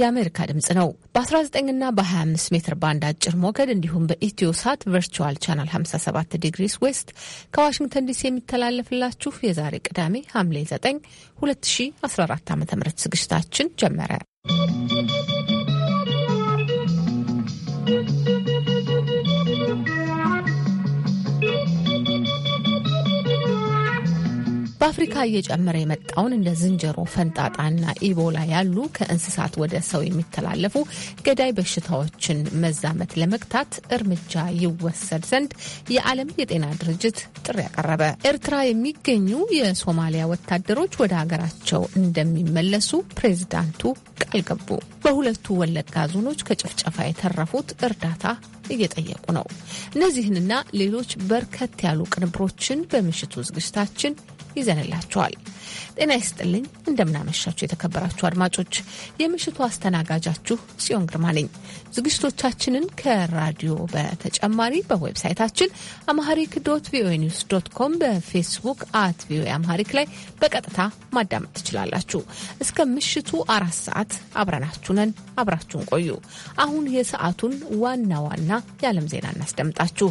የአሜሪካ ድምጽ ነው። በ19ና በ25 ሜትር ባንድ አጭር ሞገድ እንዲሁም በኢትዮ ሳት ቨርቹዋል ቻናል 57 ዲግሪስ ዌስት ከዋሽንግተን ዲሲ የሚተላለፍላችሁ የዛሬ ቅዳሜ ሐምሌ 9 2014 ዓ ም ዝግጅታችን ጀመረ። በአፍሪካ እየጨመረ የመጣውን እንደ ዝንጀሮ ፈንጣጣና ኢቦላ ያሉ ከእንስሳት ወደ ሰው የሚተላለፉ ገዳይ በሽታዎችን መዛመት ለመግታት እርምጃ ይወሰድ ዘንድ የዓለም የጤና ድርጅት ጥሪ ያቀረበ። ኤርትራ የሚገኙ የሶማሊያ ወታደሮች ወደ ሀገራቸው እንደሚመለሱ ፕሬዚዳንቱ ቃል ገቡ። በሁለቱ ወለጋ ዞኖች ከጭፍጨፋ የተረፉት እርዳታ እየጠየቁ ነው። እነዚህንና ሌሎች በርከት ያሉ ቅንብሮችን በምሽቱ ዝግጅታችን ይዘንላችኋል። ጤና ይስጥልኝ። እንደምናመሻችሁ የተከበራችሁ አድማጮች፣ የምሽቱ አስተናጋጃችሁ ጽዮን ግርማ ነኝ። ዝግጅቶቻችንን ከራዲዮ በተጨማሪ በዌብሳይታችን አማሐሪክ ዶት ቪኦኤ ኒውስ ዶት ኮም፣ በፌስቡክ አት ቪኦኤ አማሐሪክ ላይ በቀጥታ ማዳመጥ ትችላላችሁ። እስከ ምሽቱ አራት ሰዓት አብረናችሁ ነን። አብራችሁን ቆዩ። አሁን የሰዓቱን ዋና ዋና የዓለም ዜና እናስደምጣችሁ።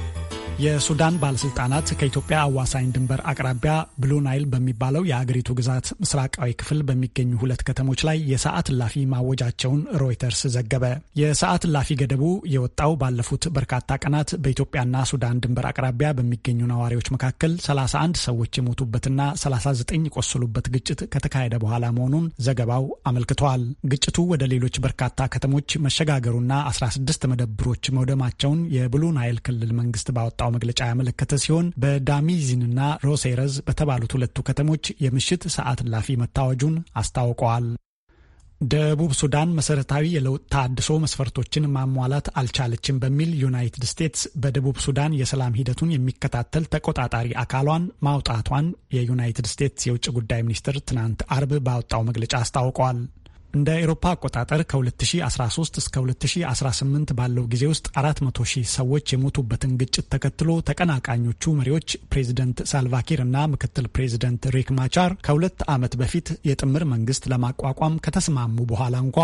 የሱዳን ባለስልጣናት ከኢትዮጵያ አዋሳኝ ድንበር አቅራቢያ ብሉ ናይል በሚባለው የአገሪቱ ግዛት ምስራቃዊ ክፍል በሚገኙ ሁለት ከተሞች ላይ የሰዓት እላፊ ማወጃቸውን ሮይተርስ ዘገበ። የሰዓት እላፊ ገደቡ የወጣው ባለፉት በርካታ ቀናት በኢትዮጵያና ሱዳን ድንበር አቅራቢያ በሚገኙ ነዋሪዎች መካከል 31 ሰዎች የሞቱበትና 39 የቆሰሉበት ግጭት ከተካሄደ በኋላ መሆኑን ዘገባው አመልክቷል። ግጭቱ ወደ ሌሎች በርካታ ከተሞች መሸጋገሩና 16 መደብሮች መውደማቸውን የብሉ ናይል ክልል መንግስት ባወጣው ባወጣው መግለጫ ያመለከተ ሲሆን በዳሚዚንና ሮሴረዝ በተባሉት ሁለቱ ከተሞች የምሽት ሰዓት ላፊ መታወጁን አስታውቀዋል። ደቡብ ሱዳን መሰረታዊ የለውጥ ታድሶ መስፈርቶችን ማሟላት አልቻለችም በሚል ዩናይትድ ስቴትስ በደቡብ ሱዳን የሰላም ሂደቱን የሚከታተል ተቆጣጣሪ አካሏን ማውጣቷን የዩናይትድ ስቴትስ የውጭ ጉዳይ ሚኒስትር ትናንት አርብ ባወጣው መግለጫ አስታውቀዋል። እንደ ኤሮፓ አቆጣጠር ከ2013 እስከ 2018 ባለው ጊዜ ውስጥ 400 ሺህ ሰዎች የሞቱበትን ግጭት ተከትሎ ተቀናቃኞቹ መሪዎች ፕሬዚደንት ሳልቫኪር እና ምክትል ፕሬዚደንት ሪክ ማቻር ከሁለት ዓመት በፊት የጥምር መንግስት ለማቋቋም ከተስማሙ በኋላ እንኳ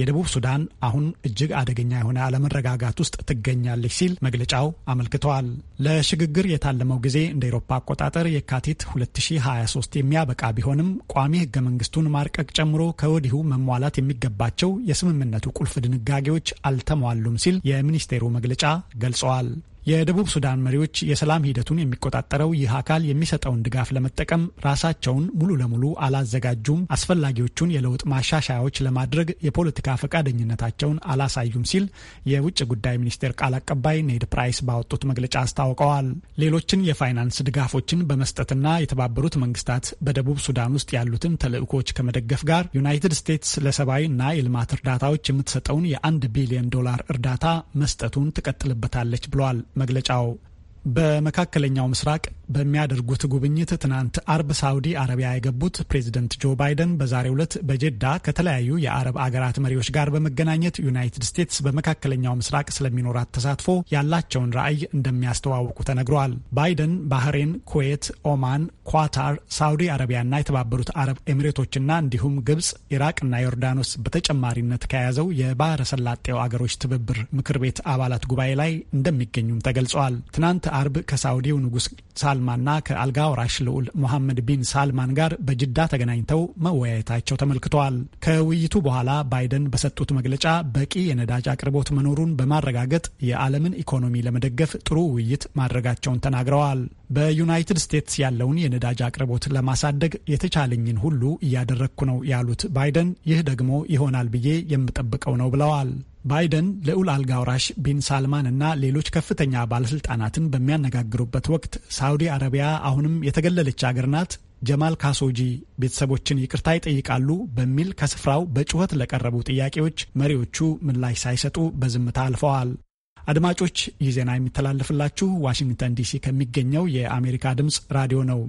የደቡብ ሱዳን አሁን እጅግ አደገኛ የሆነ አለመረጋጋት ውስጥ ትገኛለች ሲል መግለጫው አመልክተዋል። ለሽግግር የታለመው ጊዜ እንደ ኤሮፓ አቆጣጠር የካቲት 2023 የሚያበቃ ቢሆንም ቋሚ ህገ መንግስቱን ማርቀቅ ጨምሮ ከወዲሁ መሟላት የሚገባቸው የስምምነቱ ቁልፍ ድንጋጌዎች አልተሟሉም ሲል የሚኒስቴሩ መግለጫ ገልጸዋል። የደቡብ ሱዳን መሪዎች የሰላም ሂደቱን የሚቆጣጠረው ይህ አካል የሚሰጠውን ድጋፍ ለመጠቀም ራሳቸውን ሙሉ ለሙሉ አላዘጋጁም፣ አስፈላጊዎቹን የለውጥ ማሻሻያዎች ለማድረግ የፖለቲካ ፈቃደኝነታቸውን አላሳዩም ሲል የውጭ ጉዳይ ሚኒስቴር ቃል አቀባይ ኔድ ፕራይስ ባወጡት መግለጫ አስታውቀዋል። ሌሎችን የፋይናንስ ድጋፎችን በመስጠትና የተባበሩት መንግስታት በደቡብ ሱዳን ውስጥ ያሉትን ተልዕኮች ከመደገፍ ጋር ዩናይትድ ስቴትስ ለሰብአዊ እና የልማት እርዳታዎች የምትሰጠውን የአንድ ቢሊዮን ዶላር እርዳታ መስጠቱን ትቀጥልበታለች ብለዋል። መግለጫው በመካከለኛው ምስራቅ በሚያደርጉት ጉብኝት ትናንት አርብ ሳውዲ አረቢያ የገቡት ፕሬዚደንት ጆ ባይደን በዛሬው ዕለት በጀዳ ከተለያዩ የአረብ አገራት መሪዎች ጋር በመገናኘት ዩናይትድ ስቴትስ በመካከለኛው ምስራቅ ስለሚኖራት ተሳትፎ ያላቸውን ራዕይ እንደሚያስተዋውቁ ተነግረዋል። ባይደን ባህሬን፣ ኩዌት፣ ኦማን፣ ኳታር፣ ሳውዲ አረቢያና የተባበሩት አረብ ኤሚሬቶችና እንዲሁም ግብጽ፣ ኢራቅና ዮርዳኖስ በተጨማሪነት ከያዘው የባህረ ሰላጤው አገሮች ትብብር ምክር ቤት አባላት ጉባኤ ላይ እንደሚገኙም ተገልጸዋል። ትናንት አርብ ከሳውዲው ንጉሥ ሳልማንና ከአልጋ ወራሽ ልዑል ሞሐመድ ቢን ሳልማን ጋር በጅዳ ተገናኝተው መወያየታቸው ተመልክተዋል። ከውይይቱ በኋላ ባይደን በሰጡት መግለጫ በቂ የነዳጅ አቅርቦት መኖሩን በማረጋገጥ የዓለምን ኢኮኖሚ ለመደገፍ ጥሩ ውይይት ማድረጋቸውን ተናግረዋል። በዩናይትድ ስቴትስ ያለውን የነዳጅ አቅርቦት ለማሳደግ የተቻለኝን ሁሉ እያደረግኩ ነው ያሉት ባይደን ይህ ደግሞ ይሆናል ብዬ የምጠብቀው ነው ብለዋል። ባይደን ልዑል አልጋ ወራሽ ቢን ሳልማን እና ሌሎች ከፍተኛ ባለስልጣናትን በሚያነጋግሩበት ወቅት ሳውዲ አረቢያ አሁንም የተገለለች አገር ናት ጀማል ካሶጂ ቤተሰቦችን ይቅርታ ይጠይቃሉ በሚል ከስፍራው በጩኸት ለቀረቡ ጥያቄዎች መሪዎቹ ምላሽ ሳይሰጡ በዝምታ አልፈዋል። አድማጮች ይህ ዜና የሚተላለፍላችሁ ዋሽንግተን ዲሲ ከሚገኘው የአሜሪካ ድምፅ ራዲዮ ነው።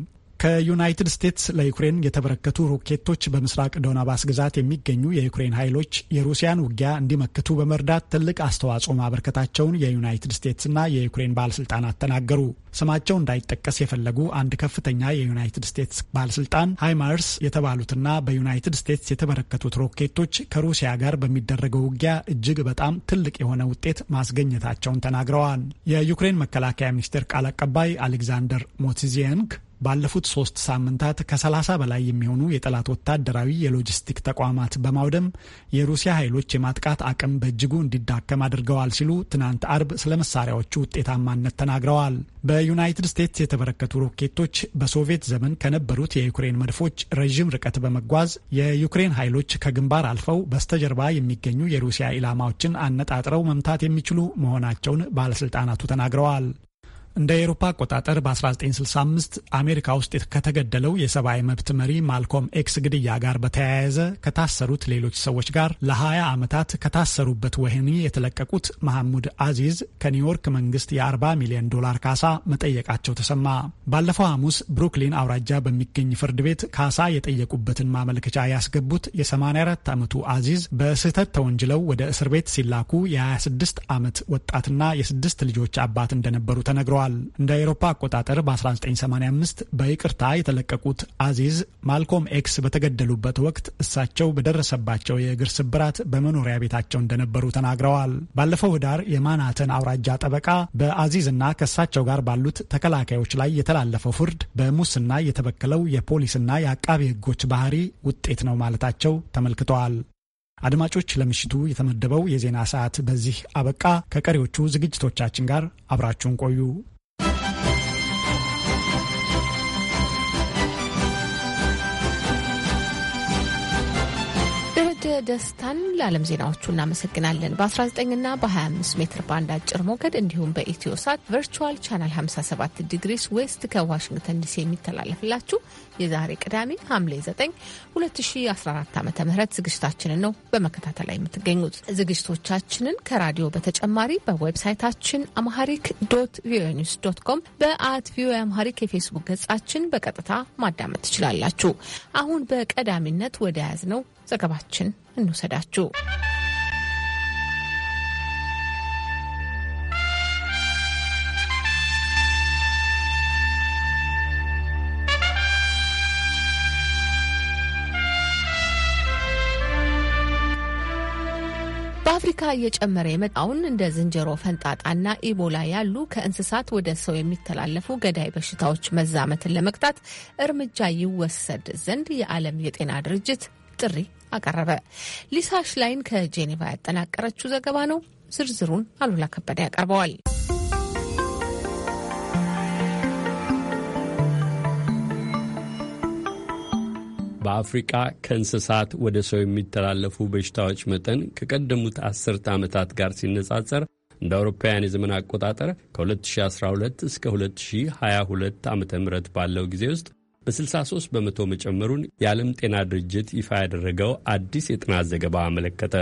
ከዩናይትድ ስቴትስ ለዩክሬን የተበረከቱ ሮኬቶች በምስራቅ ዶናባስ ግዛት የሚገኙ የዩክሬን ኃይሎች የሩሲያን ውጊያ እንዲመክቱ በመርዳት ትልቅ አስተዋጽኦ ማበርከታቸውን የዩናይትድ ስቴትስና የዩክሬን ባለስልጣናት ተናገሩ። ስማቸው እንዳይጠቀስ የፈለጉ አንድ ከፍተኛ የዩናይትድ ስቴትስ ባለስልጣን ሃይማርስ የተባሉትና በዩናይትድ ስቴትስ የተበረከቱት ሮኬቶች ከሩሲያ ጋር በሚደረገው ውጊያ እጅግ በጣም ትልቅ የሆነ ውጤት ማስገኘታቸውን ተናግረዋል። የዩክሬን መከላከያ ሚኒስቴር ቃል አቀባይ አሌክዛንደር ሞቲዚየንክ ባለፉት ሶስት ሳምንታት ከ30 በላይ የሚሆኑ የጠላት ወታደራዊ የሎጂስቲክ ተቋማት በማውደም የሩሲያ ኃይሎች የማጥቃት አቅም በእጅጉ እንዲዳከም አድርገዋል ሲሉ ትናንት አርብ ስለ መሳሪያዎቹ ውጤታማነት ተናግረዋል። በዩናይትድ ስቴትስ የተበረከቱ ሮኬቶች በሶቪየት ዘመን ከነበሩት የዩክሬን መድፎች ረዥም ርቀት በመጓዝ የዩክሬን ኃይሎች ከግንባር አልፈው በስተጀርባ የሚገኙ የሩሲያ ኢላማዎችን አነጣጥረው መምታት የሚችሉ መሆናቸውን ባለስልጣናቱ ተናግረዋል። እንደ ኤሮፓ አቆጣጠር በ1965 አሜሪካ ውስጥ ከተገደለው የሰብአዊ መብት መሪ ማልኮም ኤክስ ግድያ ጋር በተያያዘ ከታሰሩት ሌሎች ሰዎች ጋር ለ20 ዓመታት ከታሰሩበት ወህኒ የተለቀቁት መሐሙድ አዚዝ ከኒውዮርክ መንግስት የ40 ሚሊዮን ዶላር ካሳ መጠየቃቸው ተሰማ። ባለፈው ሐሙስ ብሩክሊን አውራጃ በሚገኝ ፍርድ ቤት ካሳ የጠየቁበትን ማመልከቻ ያስገቡት የ84 ዓመቱ አዚዝ በስህተት ተወንጅለው ወደ እስር ቤት ሲላኩ የ26 ዓመት ወጣትና የስድስት ልጆች አባት እንደነበሩ ተነግረዋል። ተናግረዋል። እንደ አውሮፓ አቆጣጠር በ1985 በይቅርታ የተለቀቁት አዚዝ ማልኮም ኤክስ በተገደሉበት ወቅት እሳቸው በደረሰባቸው የእግር ስብራት በመኖሪያ ቤታቸው እንደነበሩ ተናግረዋል። ባለፈው ህዳር የማናተን አውራጃ ጠበቃ በአዚዝ እና ከእሳቸው ጋር ባሉት ተከላካዮች ላይ የተላለፈው ፍርድ በሙስና የተበከለው የፖሊስና የአቃቢ ህጎች ባህሪ ውጤት ነው ማለታቸው ተመልክተዋል። አድማጮች፣ ለምሽቱ የተመደበው የዜና ሰዓት በዚህ አበቃ። ከቀሪዎቹ ዝግጅቶቻችን ጋር አብራችሁን ቆዩ። ደስታን ለዓለም ዜናዎቹ እናመሰግናለን። በ19ና በ25 ሜትር ባንድ አጭር ሞገድ እንዲሁም በኢትዮ ሳት ቨርቹዋል ቻናል 57 ዲግሪስ ዌስት ከዋሽንግተን ዲሲ የሚተላለፍላችሁ የዛሬ ቅዳሜ ሐምሌ 9 2014 ዓ ም ዝግጅታችንን ነው በመከታተል ላይ የምትገኙት። ዝግጅቶቻችንን ከራዲዮ በተጨማሪ በዌብሳይታችን አምሃሪክ ዶት ቪኦኤ ኒውስ ዶት ኮም በአት ቪኦኤ አምሃሪክ የፌስቡክ ገጻችን በቀጥታ ማዳመጥ ትችላላችሁ። አሁን በቀዳሚነት ወደ ያዝ ነው ዘገባችን እንውሰዳችሁ። በአፍሪካ እየጨመረ የመጣውን እንደ ዝንጀሮ ፈንጣጣና ኢቦላ ያሉ ከእንስሳት ወደ ሰው የሚተላለፉ ገዳይ በሽታዎች መዛመትን ለመግታት እርምጃ ይወሰድ ዘንድ የዓለም የጤና ድርጅት ጥሪ አቀረበ። ሊሳ ሽላይን ከጄኔቫ ያጠናቀረችው ዘገባ ነው። ዝርዝሩን አሉላ ከበደ ያቀርበዋል። በአፍሪቃ ከእንስሳት ወደ ሰው የሚተላለፉ በሽታዎች መጠን ከቀደሙት አስርተ ዓመታት ጋር ሲነጻጸር እንደ አውሮፓውያን የዘመን አቆጣጠር ከ2012 እስከ 2022 ዓ ም ባለው ጊዜ ውስጥ በ63 በመቶ መጨመሩን የዓለም ጤና ድርጅት ይፋ ያደረገው አዲስ የጥናት ዘገባ አመለከተ።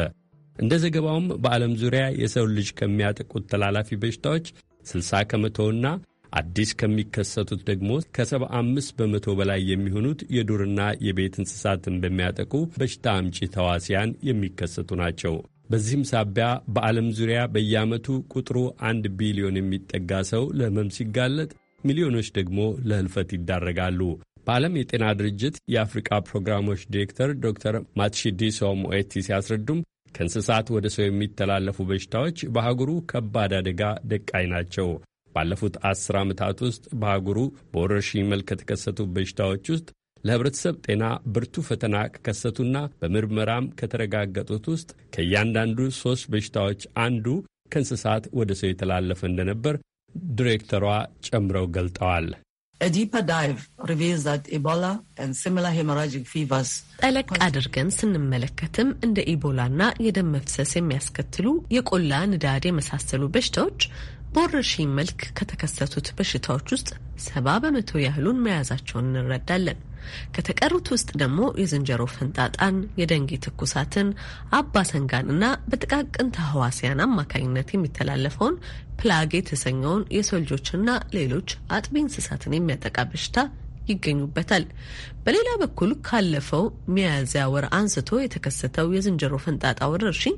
እንደ ዘገባውም በዓለም ዙሪያ የሰው ልጅ ከሚያጠቁት ተላላፊ በሽታዎች 60 ከመቶና አዲስ ከሚከሰቱት ደግሞ ከ75 በመቶ በላይ የሚሆኑት የዱርና የቤት እንስሳትን በሚያጠቁ በሽታ አምጪ ተዋሲያን የሚከሰቱ ናቸው። በዚህም ሳቢያ በዓለም ዙሪያ በየዓመቱ ቁጥሩ አንድ ቢሊዮን የሚጠጋ ሰው ለህመም ሲጋለጥ፣ ሚሊዮኖች ደግሞ ለህልፈት ይዳረጋሉ። በዓለም የጤና ድርጅት የአፍሪቃ ፕሮግራሞች ዲሬክተር ዶክተር ማትሺዲሶ ሞኤቲ ሲያስረዱም ከእንስሳት ወደ ሰው የሚተላለፉ በሽታዎች በአህጉሩ ከባድ አደጋ ደቃይ ናቸው። ባለፉት አስር ዓመታት ውስጥ በአህጉሩ በወረርሽኝ መልክ ከተከሰቱ በሽታዎች ውስጥ ለህብረተሰብ ጤና ብርቱ ፈተና ከከሰቱና በምርመራም ከተረጋገጡት ውስጥ ከእያንዳንዱ ሦስት በሽታዎች አንዱ ከእንስሳት ወደ ሰው የተላለፈ እንደነበር ዲሬክተሯ ጨምረው ገልጠዋል። A deeper dive reveals that Ebola and similar hemorrhagic fevers ጠለቅ አድርገን ስንመለከትም እንደ ኢቦላና የደም መፍሰስ የሚያስከትሉ የቆላ ንዳድ የመሳሰሉ በሽታዎች በወረርሽኝ መልክ ከተከሰቱት በሽታዎች ውስጥ ሰባ በመቶ ያህሉን መያዛቸውን እንረዳለን። ከተቀሩት ውስጥ ደግሞ የዝንጀሮ ፈንጣጣን፣ የደንጌ ትኩሳትን፣ አባሰንጋን እና በጥቃቅን ተህዋሲያን አማካኝነት የሚተላለፈውን ፕላግ የተሰኘውን የሰው ልጆችና ሌሎች አጥቢ እንስሳትን የሚያጠቃ በሽታ ይገኙበታል። በሌላ በኩል ካለፈው ሚያዝያ ወር አንስቶ የተከሰተው የዝንጀሮ ፈንጣጣ ወረርሽኝ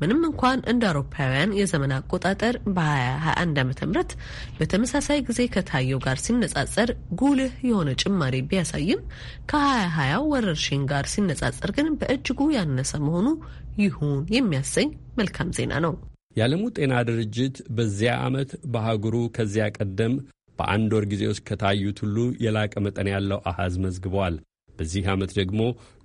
ምንም እንኳን እንደ አውሮፓውያን የዘመን አቆጣጠር በ2021 ዓ ም በተመሳሳይ ጊዜ ከታየው ጋር ሲነጻጸር ጉልህ የሆነ ጭማሪ ቢያሳይም ከ2020 ወረርሽኝ ጋር ሲነጻጸር ግን በእጅጉ ያነሰ መሆኑ ይሁን የሚያሰኝ መልካም ዜና ነው። የዓለሙ ጤና ድርጅት በዚያ ዓመት በአህጉሩ ከዚያ ቀደም በአንድ ወር ጊዜ ውስጥ ከታዩት ሁሉ የላቀ መጠን ያለው አሃዝ መዝግበዋል። በዚህ ዓመት ደግሞ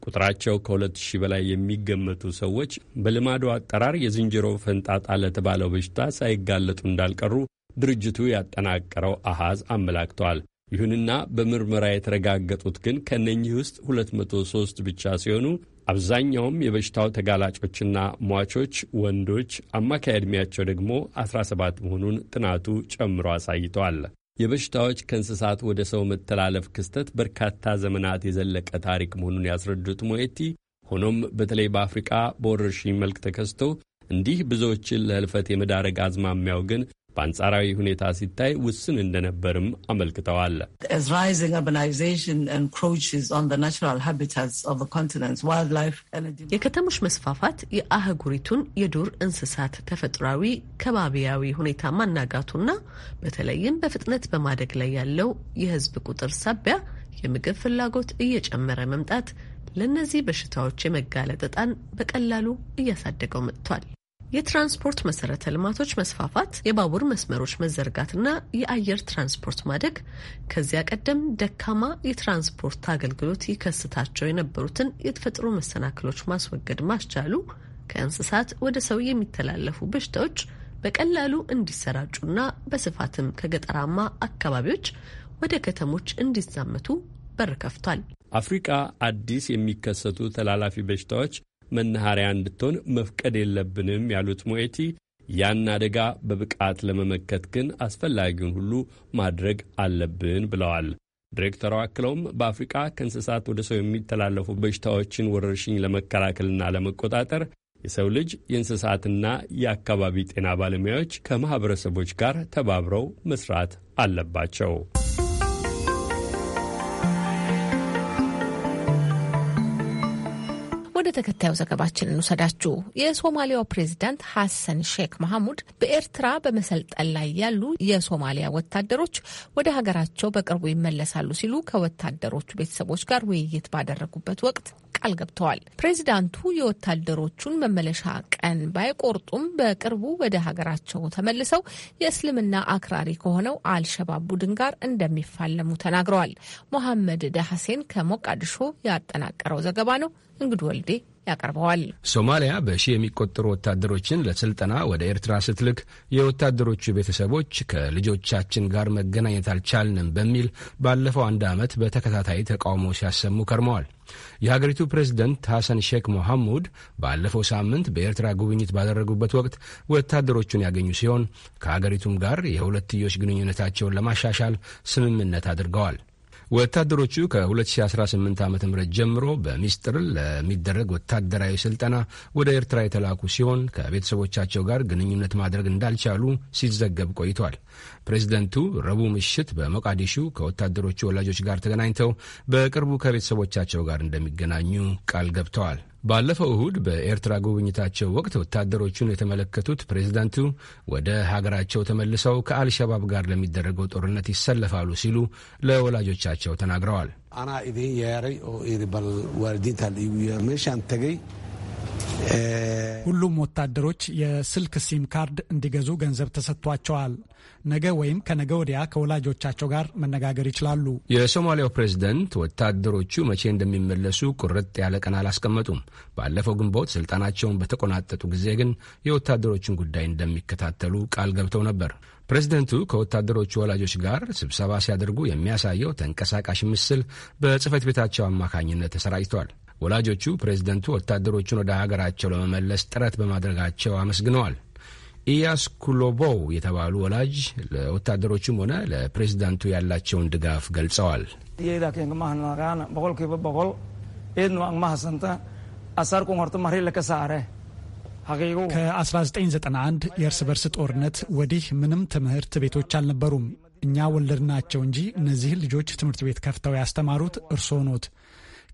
ቁጥራቸው ከሁለት ሺህ በላይ የሚገመቱ ሰዎች በልማዱ አጠራር የዝንጀሮ ፈንጣጣ ለተባለው በሽታ ሳይጋለጡ እንዳልቀሩ ድርጅቱ ያጠናቀረው አሃዝ አመላክተዋል። ይሁንና በምርመራ የተረጋገጡት ግን ከእነኚህ ውስጥ 203 ብቻ ሲሆኑ አብዛኛውም የበሽታው ተጋላጮችና ሟቾች ወንዶች፣ አማካይ ዕድሜያቸው ደግሞ 17 መሆኑን ጥናቱ ጨምሮ አሳይተዋል። የበሽታዎች ከእንስሳት ወደ ሰው መተላለፍ ክስተት በርካታ ዘመናት የዘለቀ ታሪክ መሆኑን ያስረዱት ሞቲ ሆኖም በተለይ በአፍሪቃ በወረርሽኝ መልክ ተከስቶ እንዲህ ብዙዎችን ለህልፈት የመዳረግ አዝማሚያው ግን በአንጻራዊ ሁኔታ ሲታይ ውስን እንደነበርም አመልክተዋል። የከተሞች መስፋፋት የአህጉሪቱን የዱር እንስሳት ተፈጥሯዊ ከባቢያዊ ሁኔታ ማናጋቱና በተለይም በፍጥነት በማደግ ላይ ያለው የህዝብ ቁጥር ሳቢያ የምግብ ፍላጎት እየጨመረ መምጣት ለእነዚህ በሽታዎች የመጋለጥ ዕጣን በቀላሉ እያሳደገው መጥቷል። የትራንስፖርት መሰረተ ልማቶች መስፋፋት፣ የባቡር መስመሮች መዘርጋትና የአየር ትራንስፖርት ማደግ ከዚያ ቀደም ደካማ የትራንስፖርት አገልግሎት ይከስታቸው የነበሩትን የተፈጥሮ መሰናክሎች ማስወገድ ማስቻሉ ከእንስሳት ወደ ሰው የሚተላለፉ በሽታዎች በቀላሉ እንዲሰራጩና በስፋትም ከገጠራማ አካባቢዎች ወደ ከተሞች እንዲዛመቱ በር ከፍቷል። አፍሪቃ አዲስ የሚከሰቱ ተላላፊ በሽታዎች መናኸሪያ እንድትሆን መፍቀድ የለብንም ያሉት ሞኤቲ ያን አደጋ በብቃት ለመመከት ግን አስፈላጊውን ሁሉ ማድረግ አለብን ብለዋል። ዲሬክተሯ አክለውም በአፍሪቃ ከእንስሳት ወደ ሰው የሚተላለፉ በሽታዎችን ወረርሽኝ ለመከላከልና ለመቆጣጠር የሰው ልጅ የእንስሳትና የአካባቢ ጤና ባለሙያዎች ከማኅበረሰቦች ጋር ተባብረው መስራት አለባቸው። ወደ ተከታዩ ዘገባችን እንውሰዳችሁ። የሶማሊያው ፕሬዚዳንት ሐሰን ሼክ መሐሙድ በኤርትራ በመሰልጠን ላይ ያሉ የሶማሊያ ወታደሮች ወደ ሀገራቸው በቅርቡ ይመለሳሉ ሲሉ ከወታደሮቹ ቤተሰቦች ጋር ውይይት ባደረጉበት ወቅት ቃል ገብተዋል። ፕሬዚዳንቱ የወታደሮቹን መመለሻ ቀን ባይቆርጡም በቅርቡ ወደ ሀገራቸው ተመልሰው የእስልምና አክራሪ ከሆነው አልሸባብ ቡድን ጋር እንደሚፋለሙ ተናግረዋል። ሞሐመድ ደሐሴን ከሞቃዲሾ ያጠናቀረው ዘገባ ነው። እንግድ ወልዴ ያቀርበዋል። ሶማሊያ በሺህ የሚቆጠሩ ወታደሮችን ለስልጠና ወደ ኤርትራ ስትልክ የወታደሮቹ ቤተሰቦች ከልጆቻችን ጋር መገናኘት አልቻልንም በሚል ባለፈው አንድ ዓመት በተከታታይ ተቃውሞ ሲያሰሙ ከርመዋል። የሀገሪቱ ፕሬዝደንት ሐሰን ሼክ ሞሐሙድ ባለፈው ሳምንት በኤርትራ ጉብኝት ባደረጉበት ወቅት ወታደሮቹን ያገኙ ሲሆን ከሀገሪቱም ጋር የሁለትዮሽ ግንኙነታቸውን ለማሻሻል ስምምነት አድርገዋል። ወታደሮቹ ከ2018 ዓ ም ጀምሮ በሚስጥር ለሚደረግ ወታደራዊ ስልጠና ወደ ኤርትራ የተላኩ ሲሆን ከቤተሰቦቻቸው ጋር ግንኙነት ማድረግ እንዳልቻሉ ሲዘገብ ቆይቷል። ፕሬዚደንቱ ረቡዕ ምሽት በሞቃዲሹ ከወታደሮቹ ወላጆች ጋር ተገናኝተው በቅርቡ ከቤተሰቦቻቸው ጋር እንደሚገናኙ ቃል ገብተዋል። ባለፈው እሁድ በኤርትራ ጉብኝታቸው ወቅት ወታደሮቹን የተመለከቱት ፕሬዚዳንቱ ወደ ሀገራቸው ተመልሰው ከአልሸባብ ጋር ለሚደረገው ጦርነት ይሰለፋሉ ሲሉ ለወላጆቻቸው ተናግረዋል። ሁሉም ወታደሮች የስልክ ሲም ካርድ እንዲገዙ ገንዘብ ተሰጥቷቸዋል። ነገ ወይም ከነገ ወዲያ ከወላጆቻቸው ጋር መነጋገር ይችላሉ። የሶማሊያው ፕሬዝደንት ወታደሮቹ መቼ እንደሚመለሱ ቁርጥ ያለ ቀን አላስቀመጡም። ባለፈው ግንቦት ስልጣናቸውን በተቆናጠጡ ጊዜ ግን የወታደሮቹን ጉዳይ እንደሚከታተሉ ቃል ገብተው ነበር። ፕሬዝደንቱ ከወታደሮቹ ወላጆች ጋር ስብሰባ ሲያደርጉ የሚያሳየው ተንቀሳቃሽ ምስል በጽህፈት ቤታቸው አማካኝነት ተሰራጭቷል። ወላጆቹ ፕሬዝደንቱ ወታደሮቹን ወደ ሀገራቸው ለመመለስ ጥረት በማድረጋቸው አመስግነዋል። ኢያስ ኩሎቦው የተባሉ ወላጅ ለወታደሮቹም ሆነ ለፕሬዚዳንቱ ያላቸውን ድጋፍ ገልጸዋል። ከ1991 የእርስ በርስ ጦርነት ወዲህ ምንም ትምህርት ቤቶች አልነበሩም። እኛ ወለድናቸው እንጂ እነዚህን ልጆች ትምህርት ቤት ከፍተው ያስተማሩት እርስዎ ኖት።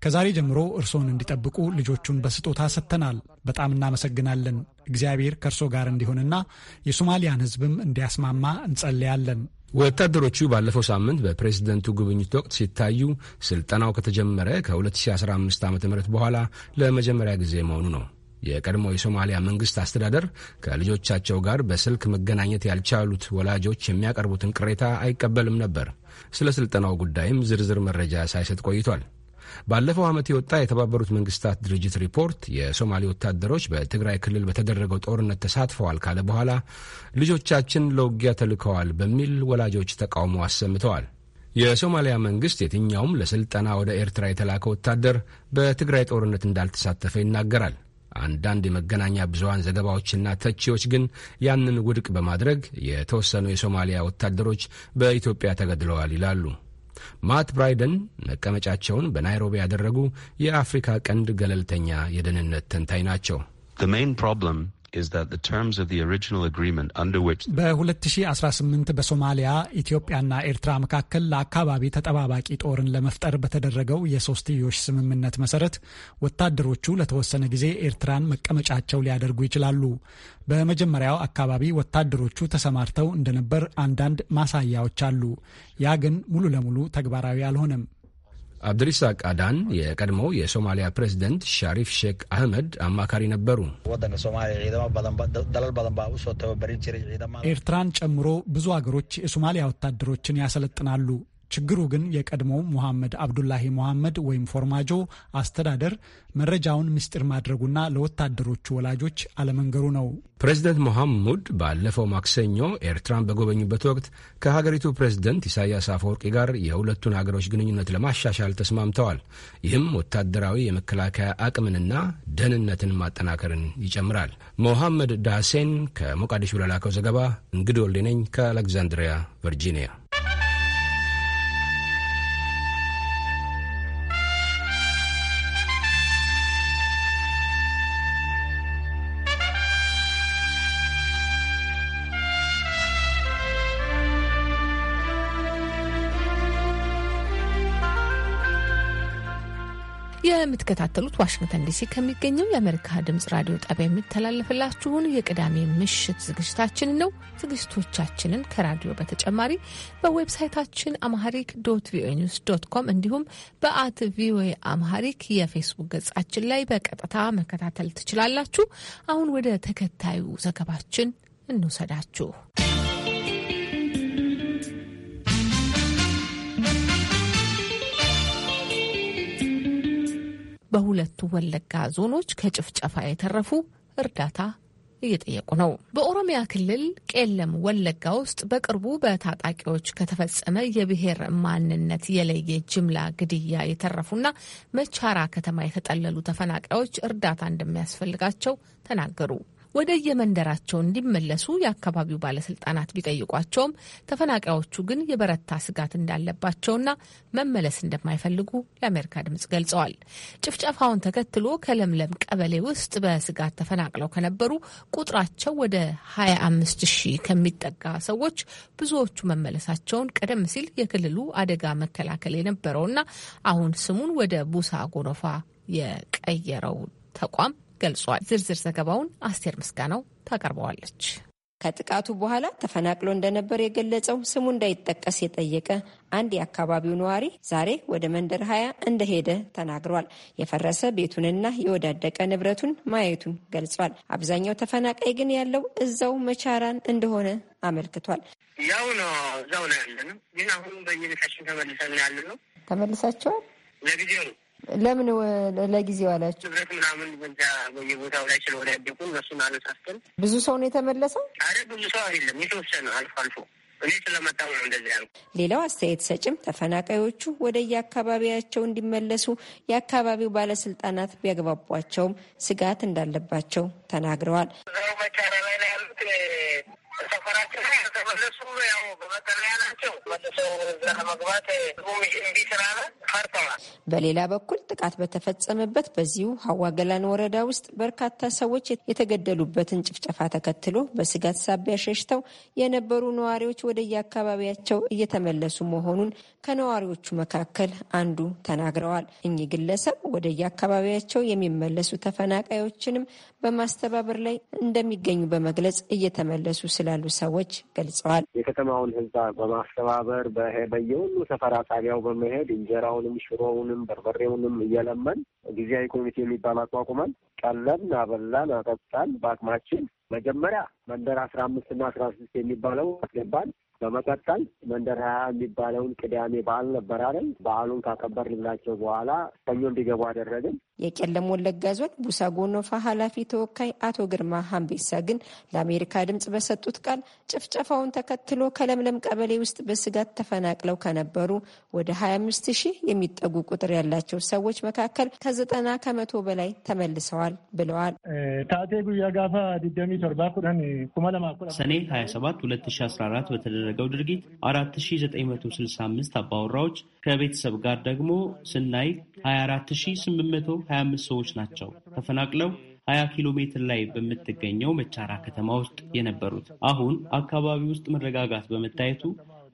ከዛሬ ጀምሮ እርሶን እንዲጠብቁ ልጆቹን በስጦታ ሰጥተናል። በጣም እናመሰግናለን። እግዚአብሔር ከእርሶ ጋር እንዲሆንና የሶማሊያን ሕዝብም እንዲያስማማ እንጸልያለን። ወታደሮቹ ባለፈው ሳምንት በፕሬዝደንቱ ጉብኝት ወቅት ሲታዩ ስልጠናው ከተጀመረ ከ2015 ዓ ም በኋላ ለመጀመሪያ ጊዜ መሆኑ ነው። የቀድሞ የሶማሊያ መንግስት አስተዳደር ከልጆቻቸው ጋር በስልክ መገናኘት ያልቻሉት ወላጆች የሚያቀርቡትን ቅሬታ አይቀበልም ነበር። ስለ ስልጠናው ጉዳይም ዝርዝር መረጃ ሳይሰጥ ቆይቷል። ባለፈው ዓመት የወጣ የተባበሩት መንግስታት ድርጅት ሪፖርት የሶማሌ ወታደሮች በትግራይ ክልል በተደረገው ጦርነት ተሳትፈዋል ካለ በኋላ ልጆቻችን ለውጊያ ተልከዋል በሚል ወላጆች ተቃውሞ አሰምተዋል። የሶማሊያ መንግስት የትኛውም ለስልጠና ወደ ኤርትራ የተላከ ወታደር በትግራይ ጦርነት እንዳልተሳተፈ ይናገራል። አንዳንድ የመገናኛ ብዙሃን ዘገባዎችና ተቺዎች ግን ያንን ውድቅ በማድረግ የተወሰኑ የሶማሊያ ወታደሮች በኢትዮጵያ ተገድለዋል ይላሉ። ማት ብራይደን መቀመጫቸውን በናይሮቢ ያደረጉ የአፍሪካ ቀንድ ገለልተኛ የደህንነት ተንታኝ ናቸው። The main problem በ2018 በሶማሊያ ኢትዮጵያና ኤርትራ መካከል ለአካባቢ ተጠባባቂ ጦርን ለመፍጠር በተደረገው የሶስትዮሽ ስምምነት መሰረት ወታደሮቹ ለተወሰነ ጊዜ ኤርትራን መቀመጫቸው ሊያደርጉ ይችላሉ። በመጀመሪያው አካባቢ ወታደሮቹ ተሰማርተው እንደነበር አንዳንድ ማሳያዎች አሉ። ያ ግን ሙሉ ለሙሉ ተግባራዊ አልሆነም። አብድሪሳቅ ቃዳን የቀድሞው የሶማሊያ ፕሬዚደንት ሻሪፍ ሼክ አህመድ አማካሪ ነበሩ። ኤርትራን ጨምሮ ብዙ አገሮች የሶማሊያ ወታደሮችን ያሰለጥናሉ። ችግሩ ግን የቀድሞው ሙሐመድ አብዱላሂ ሙሐመድ ወይም ፎርማጆ አስተዳደር መረጃውን ምስጢር ማድረጉና ለወታደሮቹ ወላጆች አለመንገሩ ነው። ፕሬዚደንት ሞሐሙድ ባለፈው ማክሰኞ ኤርትራን በጎበኙበት ወቅት ከሀገሪቱ ፕሬዝደንት ኢሳያስ አፈወርቂ ጋር የሁለቱን ሀገሮች ግንኙነት ለማሻሻል ተስማምተዋል። ይህም ወታደራዊ የመከላከያ አቅምንና ደህንነትን ማጠናከርን ይጨምራል። ሞሐመድ ዳሴን ከሞቃዲሹ ለላከው ዘገባ እንግዶ ወልዴ ነኝ ከአሌክዛንድሪያ ቨርጂኒያ የምትከታተሉት ዋሽንግተን ዲሲ ከሚገኘው የአሜሪካ ድምጽ ራዲዮ ጣቢያ የሚተላለፍላችሁን የቅዳሜ ምሽት ዝግጅታችንን ነው። ዝግጅቶቻችንን ከራዲዮ በተጨማሪ በዌብሳይታችን አምሃሪክ ዶት ቪኦኤ ኒውስ ዶት ኮም እንዲሁም በአት ቪኦኤ አምሃሪክ የፌስቡክ ገጻችን ላይ በቀጥታ መከታተል ትችላላችሁ። አሁን ወደ ተከታዩ ዘገባችን እንውሰዳችሁ። በሁለቱ ወለጋ ዞኖች ከጭፍጨፋ የተረፉ እርዳታ እየጠየቁ ነው። በኦሮሚያ ክልል ቄለም ወለጋ ውስጥ በቅርቡ በታጣቂዎች ከተፈጸመ የብሔር ማንነት የለየ ጅምላ ግድያ የተረፉና መቻራ ከተማ የተጠለሉ ተፈናቃዮች እርዳታ እንደሚያስፈልጋቸው ተናገሩ። ወደ የመንደራቸው እንዲመለሱ የአካባቢው ባለስልጣናት ቢጠይቋቸውም ተፈናቃዮቹ ግን የበረታ ስጋት እንዳለባቸውና መመለስ እንደማይፈልጉ ለአሜሪካ ድምጽ ገልጸዋል። ጭፍጨፋውን ተከትሎ ከለምለም ቀበሌ ውስጥ በስጋት ተፈናቅለው ከነበሩ ቁጥራቸው ወደ 25 ሺህ ከሚጠጋ ሰዎች ብዙዎቹ መመለሳቸውን ቀደም ሲል የክልሉ አደጋ መከላከል የነበረውና አሁን ስሙን ወደ ቡሳ ጎኖፋ የቀየረው ተቋም ገልጿል። ዝርዝር ዘገባውን አስቴር ምስጋናው ታቀርበዋለች። ከጥቃቱ በኋላ ተፈናቅሎ እንደነበር የገለጸው ስሙ እንዳይጠቀስ የጠየቀ አንድ የአካባቢው ነዋሪ ዛሬ ወደ መንደር ሀያ እንደሄደ ተናግሯል። የፈረሰ ቤቱንና የወዳደቀ ንብረቱን ማየቱን ገልጿል። አብዛኛው ተፈናቃይ ግን ያለው እዛው መቻራን እንደሆነ አመልክቷል። ያው ነው እዛው ነው ያለ ነው። ግን አሁን በየቤታችን ተመልሰን ያለ ነው። ተመልሳቸዋል ለጊዜው ነው ለምን ለጊዜው አላችሁ? ንብረት ምናምን በዛ በየቦታው ላይ ስለሆነ ያደጉን በሱን አነሳስተን ብዙ ሰው ነው የተመለሰው። አረ ብዙ ሰው አይደለም የተወሰነ አልፎ አልፎ እኔ ስለመጣሁ ነው እንደዚህ ያልኩ። ሌላው አስተያየት ሰጭም ተፈናቃዮቹ ወደ የአካባቢያቸው እንዲመለሱ የአካባቢው ባለስልጣናት ቢያግባቧቸውም ስጋት እንዳለባቸው ተናግረዋል። መቻራ ላይ ያሉት ላይ ያው በመጠለያ ናቸው። መልሰው እዛ ለመግባት እምቢ ስላለ ፈርተዋል። በሌላ በኩል ጥቃት በተፈጸመበት በዚሁ ሀዋ ገላን ወረዳ ውስጥ በርካታ ሰዎች የተገደሉበትን ጭፍጨፋ ተከትሎ በስጋት ሳቢያ ሸሽተው የነበሩ ነዋሪዎች ወደየአካባቢያቸው እየተመለሱ መሆኑን ከነዋሪዎቹ መካከል አንዱ ተናግረዋል። እኚህ ግለሰብ ወደየአካባቢያቸው የሚመለሱ ተፈናቃዮችንም በማስተባበር ላይ እንደሚገኙ በመግለጽ እየተመለሱ ስላለ ያሉ ሰዎች ገልጸዋል። የከተማውን ህዝብ በማስተባበር በየሁሉ ሰፈራ ጣቢያው በመሄድ እንጀራውንም፣ ሽሮውንም፣ በርበሬውንም እየለመን ጊዜያዊ ኮሚቴ የሚባል አቋቁመን ቀለብን፣ አበላን፣ አጠጣን በአቅማችን መጀመሪያ መንደር አስራ አምስት እና አስራ ስድስት የሚባለው አስገባን። በመቀጠል መንደር ሀያ የሚባለውን ቅዳሜ በዓል ነበር አይደል? በዓሉን ካከበርንላቸው በኋላ ሰኞ እንዲገቡ አደረግን። የቄለም ወለጋ ዞን ቡሳ ጎኖፋ ኃላፊ ተወካይ አቶ ግርማ ሀምቤሳ ግን ለአሜሪካ ድምጽ በሰጡት ቃል ጭፍጨፋውን ተከትሎ ከለምለም ቀበሌ ውስጥ በስጋት ተፈናቅለው ከነበሩ ወደ 25 ሺህ የሚጠጉ ቁጥር ያላቸው ሰዎች መካከል ከዘጠና ከመቶ በላይ ተመልሰዋል ብለዋል። ታቴ ጉያ ጋፋ ድደሚ ቶርባ ሰኔ 27 2014 በተደ በተደረገው ድርጊት 4965 አባወራዎች ከቤተሰብ ጋር ደግሞ ስናይ 24825 ሰዎች ናቸው ተፈናቅለው 20 ኪሎ ሜትር ላይ በምትገኘው መቻራ ከተማ ውስጥ የነበሩት። አሁን አካባቢ ውስጥ መረጋጋት በመታየቱ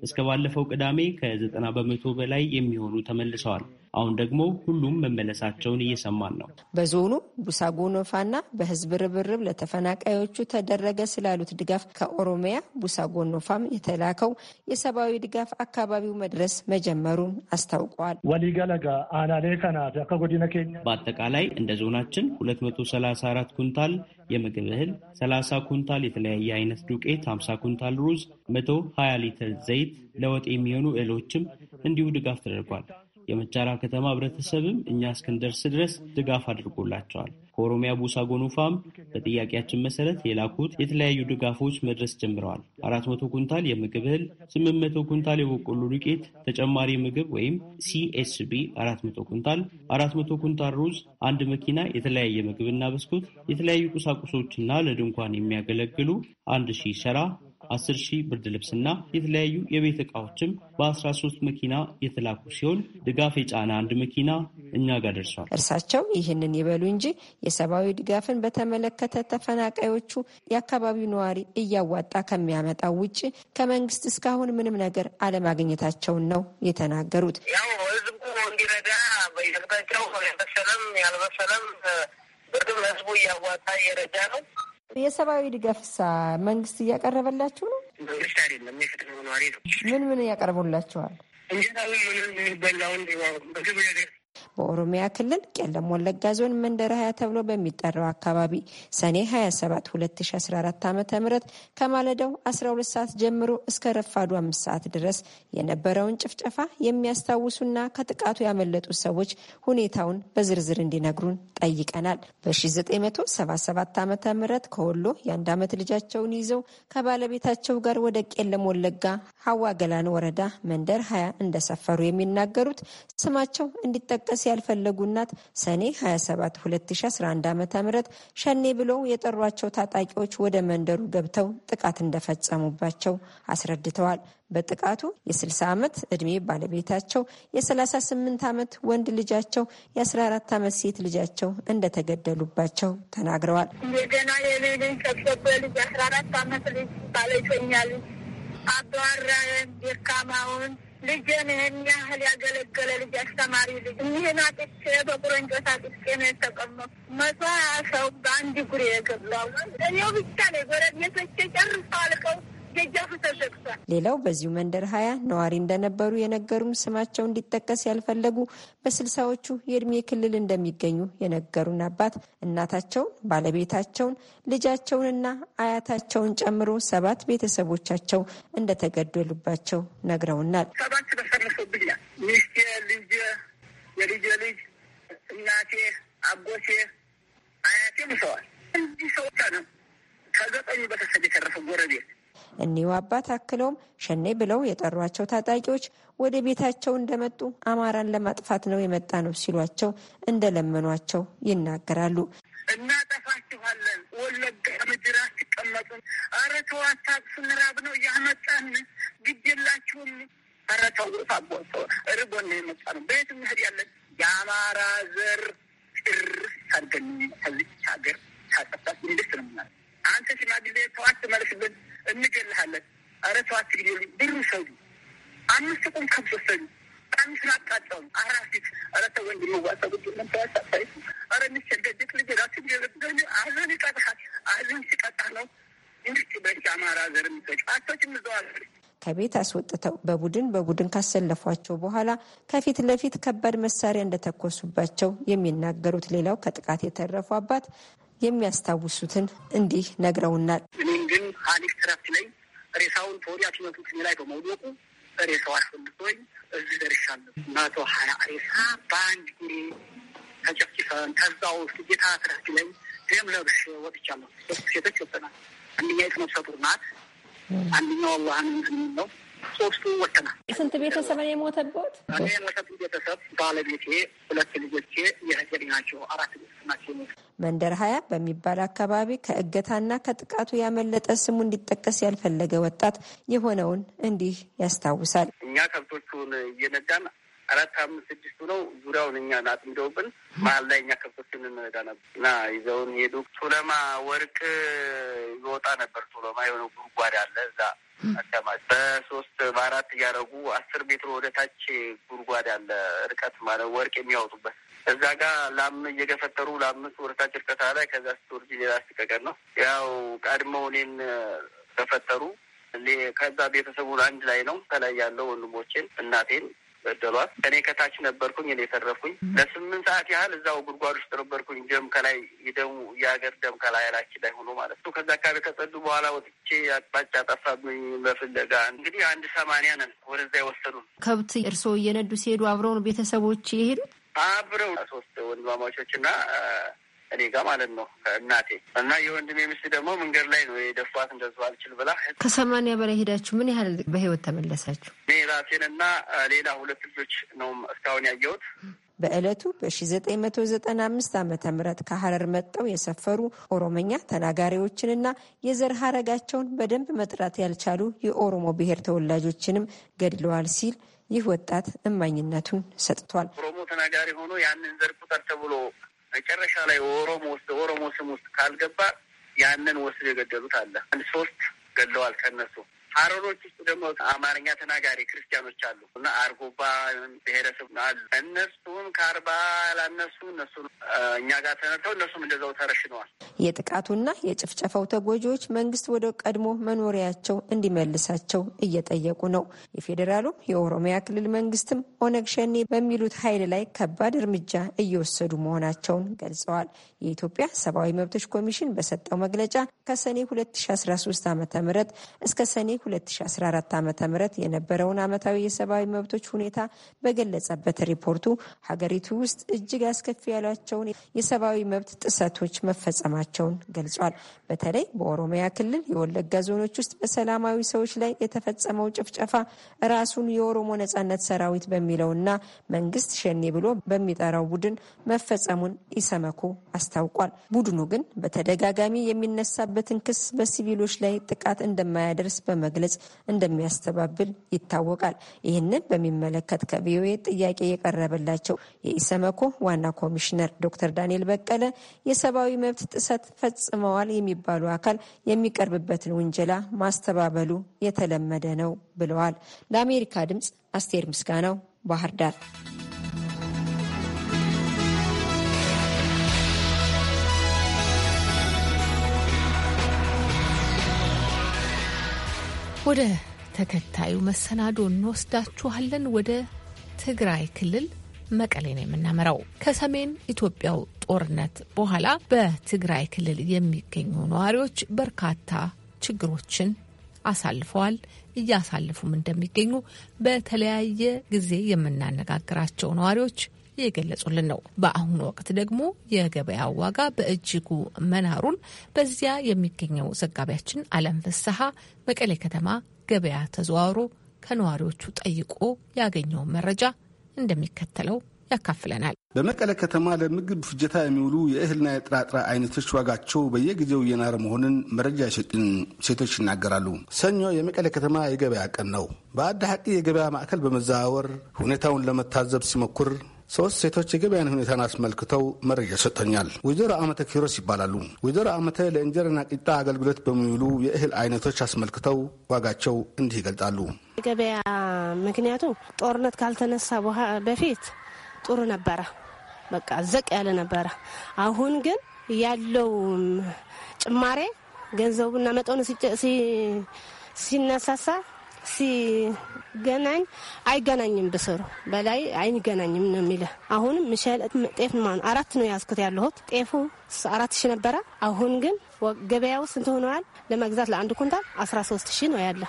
እስከ ባለፈው ቅዳሜ ከ90 በመቶ በላይ የሚሆኑ ተመልሰዋል። አሁን ደግሞ ሁሉም መመለሳቸውን እየሰማን ነው። በዞኑ ቡሳ ጎኖፋና በህዝብ ርብርብ ለተፈናቃዮቹ ተደረገ ስላሉት ድጋፍ ከኦሮሚያ ቡሳ ጎኖፋም የተላከው የሰብአዊ ድጋፍ አካባቢው መድረስ መጀመሩን አስታውቀዋል። ወሊገለጋ አናሌ ከናት ከጎዲነ ኬኛ በአጠቃላይ እንደ ዞናችን 234 ኩንታል የምግብ እህል፣ 30 ኩንታል የተለያየ አይነት ዱቄት፣ 50 ኩንታል ሩዝ፣ 120 ሊትር ዘይት፣ ለወጥ የሚሆኑ እህሎችም እንዲሁ ድጋፍ ተደርጓል። የመጫራ ከተማ ህብረተሰብም እኛ እስክንደርስ ድረስ ድጋፍ አድርጎላቸዋል። ከኦሮሚያ ቡሳ ጎኑፋም በጥያቄያችን መሰረት የላኩት የተለያዩ ድጋፎች መድረስ ጀምረዋል። አራት መቶ ኩንታል የምግብ እህል፣ ስምንት መቶ ኩንታል የበቆሎ ዱቄት፣ ተጨማሪ ምግብ ወይም ሲኤስቢ አራት መቶ ኩንታል፣ አራት መቶ ኩንታል ሩዝ፣ አንድ መኪና የተለያየ ምግብና በስኩት የተለያዩ ቁሳቁሶችና ለድንኳን የሚያገለግሉ አንድ ሺህ ሸራ አስር ሺህ ብርድ ልብስና የተለያዩ የቤት እቃዎችም በ13 መኪና የተላኩ ሲሆን ድጋፍ የጫነ አንድ መኪና እኛ ጋር ደርሷል። እርሳቸው ይህንን ይበሉ እንጂ የሰብአዊ ድጋፍን በተመለከተ ተፈናቃዮቹ የአካባቢው ነዋሪ እያዋጣ ከሚያመጣው ውጭ ከመንግስት እስካሁን ምንም ነገር አለማግኘታቸውን ነው የተናገሩት። ያው ህዝቡ እንዲረዳ በየአቅጣጫው የበሰለም ያልበሰለም ብርድም ህዝቡ እያዋጣ እየረዳ ነው። የሰብአዊ ድጋፍሳ መንግስት እያቀረበላችሁ ነው? መንግስት አይደለም፣ የከተማው ነዋሪ ነው። ምን ምን እያቀርቡላችኋል? እንጀራውን ምንም የሚበላውን ምግብ ነገር በኦሮሚያ ክልል ቄለም ወለጋ ዞን መንደር ሀያ ተብሎ በሚጠራው አካባቢ ሰኔ 27 2014 ዓ ም ከማለዳው 12 ሰዓት ጀምሮ እስከ ረፋዱ አምስት ሰዓት ድረስ የነበረውን ጭፍጨፋ የሚያስታውሱና ከጥቃቱ ያመለጡ ሰዎች ሁኔታውን በዝርዝር እንዲነግሩን ጠይቀናል። በ1977 ዓ ም ከወሎ የአንድ ዓመት ልጃቸውን ይዘው ከባለቤታቸው ጋር ወደ ቄለም ወለጋ ሀዋ ገላን ወረዳ መንደር ሀያ እንደሰፈሩ የሚናገሩት ስማቸው እንዲጠ እንዲጠቀስ ያልፈለጉ እናት ሰኔ 27 2011 ዓ ም ሸኔ ብለው የጠሯቸው ታጣቂዎች ወደ መንደሩ ገብተው ጥቃት እንደፈጸሙባቸው አስረድተዋል። በጥቃቱ የ60 ዓመት ዕድሜ ባለቤታቸው፣ የ38 ዓመት ወንድ ልጃቸው፣ የ14 ዓመት ሴት ልጃቸው እንደተገደሉባቸው ተናግረዋል። የገና የሌለኝ ሰብሰብ ልጅ 14 ዓመት ልጅ ባለይቶኛል አባራ ደካማውን ልጄን ይህን ያህል ያገለገለ ልጅ አስተማሪ ልጅ እኒህን አጥቼ በቁረንጆት አጥቼ ነው የተቀመጥኩ። መቶ ሰው በአንድ ጉሬ የገባው እኔው ብቻ ነው። ጎረቤቶቼ ጨርሰው አልቀው ተዘግቷል። ሌላው በዚሁ መንደር ሀያ ነዋሪ እንደነበሩ የነገሩን ስማቸው እንዲጠቀስ ያልፈለጉ በስልሳዎቹ የእድሜ ክልል እንደሚገኙ የነገሩን አባት እናታቸውን፣ ባለቤታቸውን፣ ልጃቸውንና አያታቸውን ጨምሮ ሰባት ቤተሰቦቻቸው እንደተገደሉባቸው ነግረውናል። ሰባት ተሰምሶብኛል አባት አክለውም ሸኔ ብለው የጠሯቸው ታጣቂዎች ወደ ቤታቸው እንደመጡ አማራን ለማጥፋት ነው የመጣ ነው ሲሏቸው እንደለመኗቸው ይናገራሉ። እናጠፋችኋለን፣ ወለጋ ምድር አትቀመጡ፣ ኧረ ተው አታግሱን፣ ራብ ነው እያመጣን ግድላችሁም፣ ኧረ ተው ታቦቶ ርቦን ነው የመጣ ነው በየት ምህድ ያለን የአማራ ዘር ጭር አድርገን ከዚች ሀገር ሳጠፋት እንድት ነው ምናል አንተ ሽማግሌ ተዋት መልስብን እንገልሃለን፣ አረ ሰው አትግደሉ፣ ብሩ ሰዱ፣ አምስት ቁም ከብት ወሰዱ፣ አምስት አቃጣሉ፣ አራት ሴት፣ ኧረ ተው ወንድም ዋሰቡ፣ አረ ኧረ የሚቸገድት ልጅ ራሱ አዘን ይቀጥሃል፣ አዘን ሲቀጣ ነው እንዲህ በሽ አማራ ዘር የሚሰጭ አቶች ምዘዋል ከቤት አስወጥተው በቡድን በቡድን ካሰለፏቸው በኋላ ከፊት ለፊት ከባድ መሳሪያ እንደተኮሱባቸው የሚናገሩት ሌላው ከጥቃት የተረፉ አባት የሚያስታውሱትን እንዲህ ነግረውናል። እኔ ሀሊፍ ትረፍት ላይ ሬሳውን ተወዲያ ሲመቱት እኔ ላይ በመውደቁ ሬሳው አስፈልቶኝ እዚህ ደርሻለሁ። መቶ ሀያ ሬሳ በአንድ ጊዜ ተጨፍጭፈን ከዛ ውስጥ ጌታ ትረፍት ላይ ደም ለብሽ ወጥቻለሁ። ሶስት ሴቶች ወጥተናል። አንደኛ ነፍሰ ናት። አንደኛው አላህን እንትን ነው። ሶስቱ ወጥተናል። ስንት ቤተሰብ ነው የሞተበት? እኔ የሞተብኝ ቤተሰብ ባለቤቴ፣ ሁለት ልጆቼ፣ የህገድ ናቸው። አራት ቤተሰብ ናቸው የሞተው መንደር ሀያ በሚባል አካባቢ ከእገታና ከጥቃቱ ያመለጠ ስሙ እንዲጠቀስ ያልፈለገ ወጣት የሆነውን እንዲህ ያስታውሳል። እኛ ከብቶቹን እየነዳን አራት አምስት ስድስቱ ነው ዙሪያውን እኛን አጥምደውብን መሀል ላይ እኛ ከብቶችን እንረዳ ነበር እና ይዘውን ሄዱ። ሱለማ ወርቅ ይወጣ ነበር። ሱለማ የሆነ ጉድጓድ አለ እዛ አካባቢ በሶስት በአራት እያደረጉ አስር ሜትሮ ወደ ታች ጉድጓድ አለ እርቀት ማለት ወርቅ የሚያወጡበት እዛ ጋር ላም እየገፈተሩ ለአምስት ወደ ታች እርቀት አለ። ከዛ ስቶርጅ ሌላ አስቀቀን ነው ያው ቀድመው እኔን ገፈተሩ። ከዛ ቤተሰቡን አንድ ላይ ነው ከላይ ያለው ወንድሞችን እናቴን ገደሏት። እኔ ከታች ነበርኩኝ፣ እኔ የተረፍኩኝ። ለስምንት ሰዓት ያህል እዛው ጉድጓድ ውስጥ ነበርኩኝ። ደም ከላይ የደሙ የሀገር ደም ከላይ ላችን ላይ ሆኖ ማለት ነው። ከዛ አካባቢ ከጸዱ በኋላ ወጥቼ አቅጣጫ ጠፋብኝ በፍለጋ እንግዲህ አንድ ሰማንያ ነን ወደዛ የወሰዱን። ከብት እርስዎ እየነዱ ሲሄዱ አብረውን ቤተሰቦች ይሄዱ አብረው ሶስት ወንድማማቾች እና እኔ ጋር ማለት ነው እናቴ እና የወንድሜ ሚስት ደግሞ መንገድ ላይ ነው የደፏት እንደዚ አልችል ብላ። ከሰማንያ በላይ ሄዳችሁ ምን ያህል በህይወት ተመለሳችሁ? እኔ ራሴን እና ሌላ ሁለት ልጆች ነው እስካሁን ያየሁት። በዕለቱ በ1995 ዓ ም ከሐረር መጥተው የሰፈሩ ኦሮመኛ ተናጋሪዎችንና የዘር ሐረጋቸውን በደንብ መጥራት ያልቻሉ የኦሮሞ ብሔር ተወላጆችንም ገድለዋል ሲል ይህ ወጣት እማኝነቱን ሰጥቷል። ኦሮሞ ተናጋሪ ሆኖ ያንን ዘር ቁጠር ተብሎ መጨረሻ ላይ ኦሮሞ ውስጥ ኦሮሞ ስም ውስጥ ካልገባ ያንን ወስድ የገደሉት አለ። አንድ ሶስት ገድለዋል ከነሱ ሀረሮች ውስጥ ደግሞ አማርኛ ተናጋሪ ክርስቲያኖች አሉ እና አርጎባ ብሔረሰብ አሉ። እነሱም ከአርባ ላነሱ እነሱ እኛ ጋር ተነተው እነሱም እንደዛው ተረሽነዋል። የጥቃቱና የጭፍጨፋው ተጎጂዎች መንግስት ወደ ቀድሞ መኖሪያቸው እንዲመልሳቸው እየጠየቁ ነው። የፌዴራሉም የኦሮሚያ ክልል መንግስትም ኦነግ ሸኔ በሚሉት ኃይል ላይ ከባድ እርምጃ እየወሰዱ መሆናቸውን ገልጸዋል። የኢትዮጵያ ሰብአዊ መብቶች ኮሚሽን በሰጠው መግለጫ ከሰኔ 2013 ዓ ም እስከ ሰኔ 2014 ዓ ም የነበረውን ዓመታዊ የሰብአዊ መብቶች ሁኔታ በገለጸበት ሪፖርቱ ሀገሪቱ ውስጥ እጅግ አስከፊ ያሏቸውን የሰብአዊ መብት ጥሰቶች መፈጸማቸውን ገልጿል። በተለይ በኦሮሚያ ክልል የወለጋ ዞኖች ውስጥ በሰላማዊ ሰዎች ላይ የተፈጸመው ጭፍጨፋ ራሱን የኦሮሞ ነጻነት ሰራዊት በሚለውና መንግስት ሸኔ ብሎ በሚጠራው ቡድን መፈጸሙን ኢሰመኮ አስታውቋል። ቡድኑ ግን በተደጋጋሚ የሚነሳበትን ክስ በሲቪሎች ላይ ጥቃት እንደማያደርስ በመ በመግለጽ እንደሚያስተባብል ይታወቃል። ይህንን በሚመለከት ከቪኦኤ ጥያቄ የቀረበላቸው የኢሰመኮ ዋና ኮሚሽነር ዶክተር ዳንኤል በቀለ የሰብአዊ መብት ጥሰት ፈጽመዋል የሚባሉ አካል የሚቀርብበትን ውንጀላ ማስተባበሉ የተለመደ ነው ብለዋል። ለአሜሪካ ድምፅ አስቴር ምስጋናው ባህር ዳር ወደ ተከታዩ መሰናዶ እንወስዳችኋለን። ወደ ትግራይ ክልል መቀሌ ነው የምናመራው። ከሰሜን ኢትዮጵያው ጦርነት በኋላ በትግራይ ክልል የሚገኙ ነዋሪዎች በርካታ ችግሮችን አሳልፈዋል፣ እያሳልፉም እንደሚገኙ በተለያየ ጊዜ የምናነጋግራቸው ነዋሪዎች እየገለጹልን ነው። በአሁኑ ወቅት ደግሞ የገበያው ዋጋ በእጅጉ መናሩን በዚያ የሚገኘው ዘጋቢያችን አለም ፍስሀ መቀሌ ከተማ ገበያ ተዘዋውሮ ከነዋሪዎቹ ጠይቆ ያገኘውን መረጃ እንደሚከተለው ያካፍለናል። በመቀለ ከተማ ለምግብ ፍጀታ የሚውሉ የእህልና የጥራጥራ አይነቶች ዋጋቸው በየጊዜው እየናረ መሆኑን መረጃ የሰጡን ሴቶች ይናገራሉ። ሰኞ የመቀለ ከተማ የገበያ ቀን ነው። በአድ ሐቂ የገበያ ማዕከል በመዘዋወር ሁኔታውን ለመታዘብ ሲሞክር ሶስት ሴቶች የገበያን ሁኔታን አስመልክተው መረጃ ሰጥተኛል። ወይዘሮ አመተ ኪሮስ ይባላሉ። ወይዘሮ አመተ ለእንጀራና ቂጣ አገልግሎት በሚውሉ የእህል አይነቶች አስመልክተው ዋጋቸው እንዲህ ይገልጣሉ። የገበያ ምክንያቱ ጦርነት ካልተነሳ በፊት ጥሩ ነበረ፣ በቃ ዘቅ ያለ ነበረ። አሁን ግን ያለው ጭማሬ ገንዘቡና መጠኑ ሲነሳሳ ሲገናኝ አይገናኝም፣ ብስሩ በላይ አይገናኝም ነው የሚል አሁንም ምሸል ጤፍ አራት ነው ያዝኩት ያለሁት ጤፉ አራት ሺ ነበረ። አሁን ግን ገበያው ስንት ሆነዋል? ለመግዛት ለአንድ ኩንታል ሶስት ሺ ነው ያለ።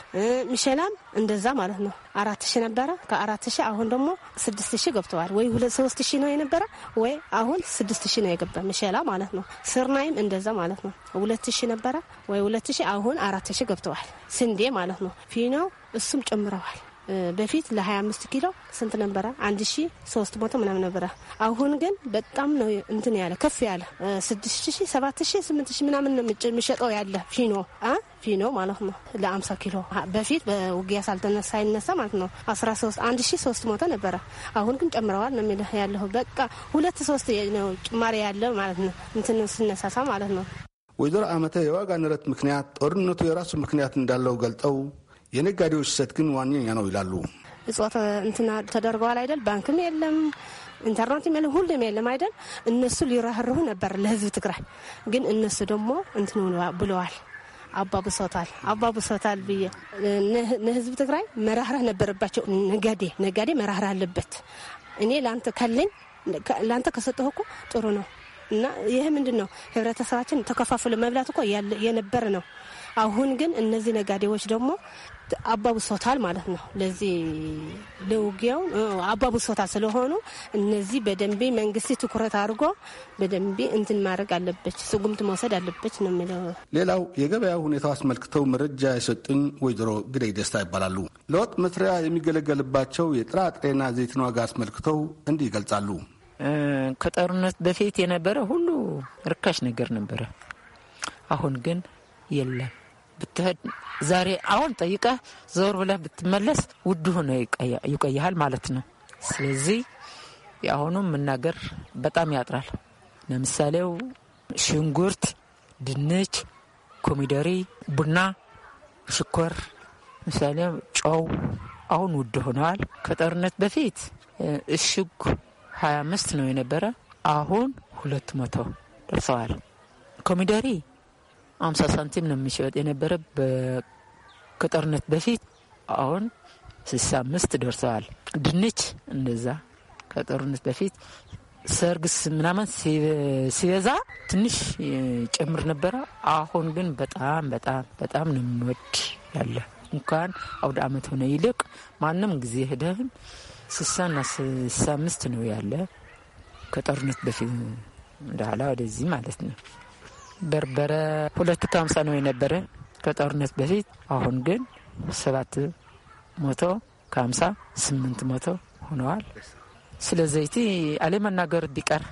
ሚሸላም እንደዛ ማለት ነው። አራት ሺ ነበረ ከአራት ሺ አሁን ደግሞ ስድስት ሺ ገብተዋል። ወይ ሁለት ሶስት ሺ ነው የነበረ ወይ አሁን ስድስት ሺ ነው የገባ ሚሸላ ማለት ነው። ስርናይም እንደዛ ማለት ነው። ሁለት ሺ ነበረ ወይ ሁለት ሺ አሁን አራት ሺ ገብተዋል። ስንዴ ማለት ነው ፊኖ እሱም ጨምረዋል። በፊት ለ25 ኪሎ ስንት ነበረ? 1300 ምናምን ነበረ። አሁን ግን በጣም ነው እንትን ያለ ከፍ ያለ 6000፣ 7000፣ ምናምን ነው የሚሸጠው ያለ ፊኖ ፊኖ ማለት ነው ለ50 ኪሎ በፊት በውጊያ ሳልተነሳ ይነሳ ማለት ነው 13 1300 ነበረ። አሁን ግን ጨምረዋል ነው የሚለው ያለሁ በቃ ሁለት ሶስት ነው ጭማሪ ያለ ማለት ነው እንትን ስነሳሳ ማለት ነው። ወይዘሮ አመተ የዋጋ ንረት ምክንያት ጦርነቱ የራሱ ምክንያት እንዳለው ገልጠው የነጋዴዎች ሰት ግን ዋነኛ ነው ይላሉ። እጽዋት እንትና ተደርገዋል አይደል? ባንክም የለም ኢንተርኔትም የለም ሁሉም የለም አይደል? እነሱ ሊረህርሁ ነበር ለህዝብ ትግራይ። ግን እነሱ ደግሞ እንትን ብለዋል አባብሶታል አባብሶታል ብዬ ንህዝብ ትግራይ መራህራህ ነበረባቸው። ነጋዴ ነጋዴ መራህራህ አለበት። እኔ ለአንተ ካለኝ ለአንተ ከሰጠሁ እኮ ጥሩ ነው እና ይህ ምንድን ነው ህብረተሰባችን ተከፋፍሎ መብላት እኮ የነበረ ነው። አሁን ግን እነዚህ ነጋዴዎች ደግሞ አባብሶታል ማለት ነው። ለዚህ ለውጊያው አባብሶታል ስለሆኑ እነዚህ በደንብ መንግስት ትኩረት አድርጎ በደንብ እንትን ማድረግ አለበች፣ ስጉምት መውሰድ አለበች ነው የሚለው። ሌላው የገበያ ሁኔታው አስመልክተው መረጃ የሰጡኝ ወይዘሮ ግደይ ደስታ ይባላሉ። ለወጥ መስሪያ የሚገለገልባቸው የጥራጥሬና ዘይትን ዋጋ አስመልክተው እንዲህ ይገልጻሉ። ከጦርነት በፊት የነበረ ሁሉ ርካሽ ነገር ነበረ። አሁን ግን የለም ብትሄድ ዛሬ አሁን ጠይቀህ ዘወር ብለህ ብትመለስ ውድ ሆኖ ይቆይሃል ማለት ነው። ስለዚህ የአሁኑ መናገር በጣም ያጥራል። ለምሳሌው ሽንኩርት፣ ድንች፣ ኮሚደሪ፣ ቡና፣ ሽኮር ምሳሌ ጨው አሁን ውድ ሆነዋል። ከጦርነት በፊት እሽግ 25 ነው የነበረ አሁን ሁለት መቶ ደርሰዋል። ኮሚደሪ አምሳ ሳንቲም ነው የሚሸጥ የነበረ በቅጥርነት በፊት አሁን ስልሳ አምስት ደርሰዋል። ድንች እንደዛ ከጦርነት በፊት ሰርግስ ምናምን ሲበዛ ትንሽ ጨምር ነበረ። አሁን ግን በጣም በጣም በጣም ነው የሚወድ ያለ እንኳን አውደ አመት ሆነ ይልቅ ማንም ጊዜ ሄደህም ስሳና ስሳ አምስት ነው ያለ ከጦርነት በፊት እንደኋላ ወደዚህ ማለት ነው። በርበረ ሁለት መቶ ነው የነበረ ከጦርነት በፊት። አሁን ግን ሰባት መቶ ከሃምሳ ስምንት መቶ ሆነዋል። ስለ ዘይቲ አለመናገር ቢቀር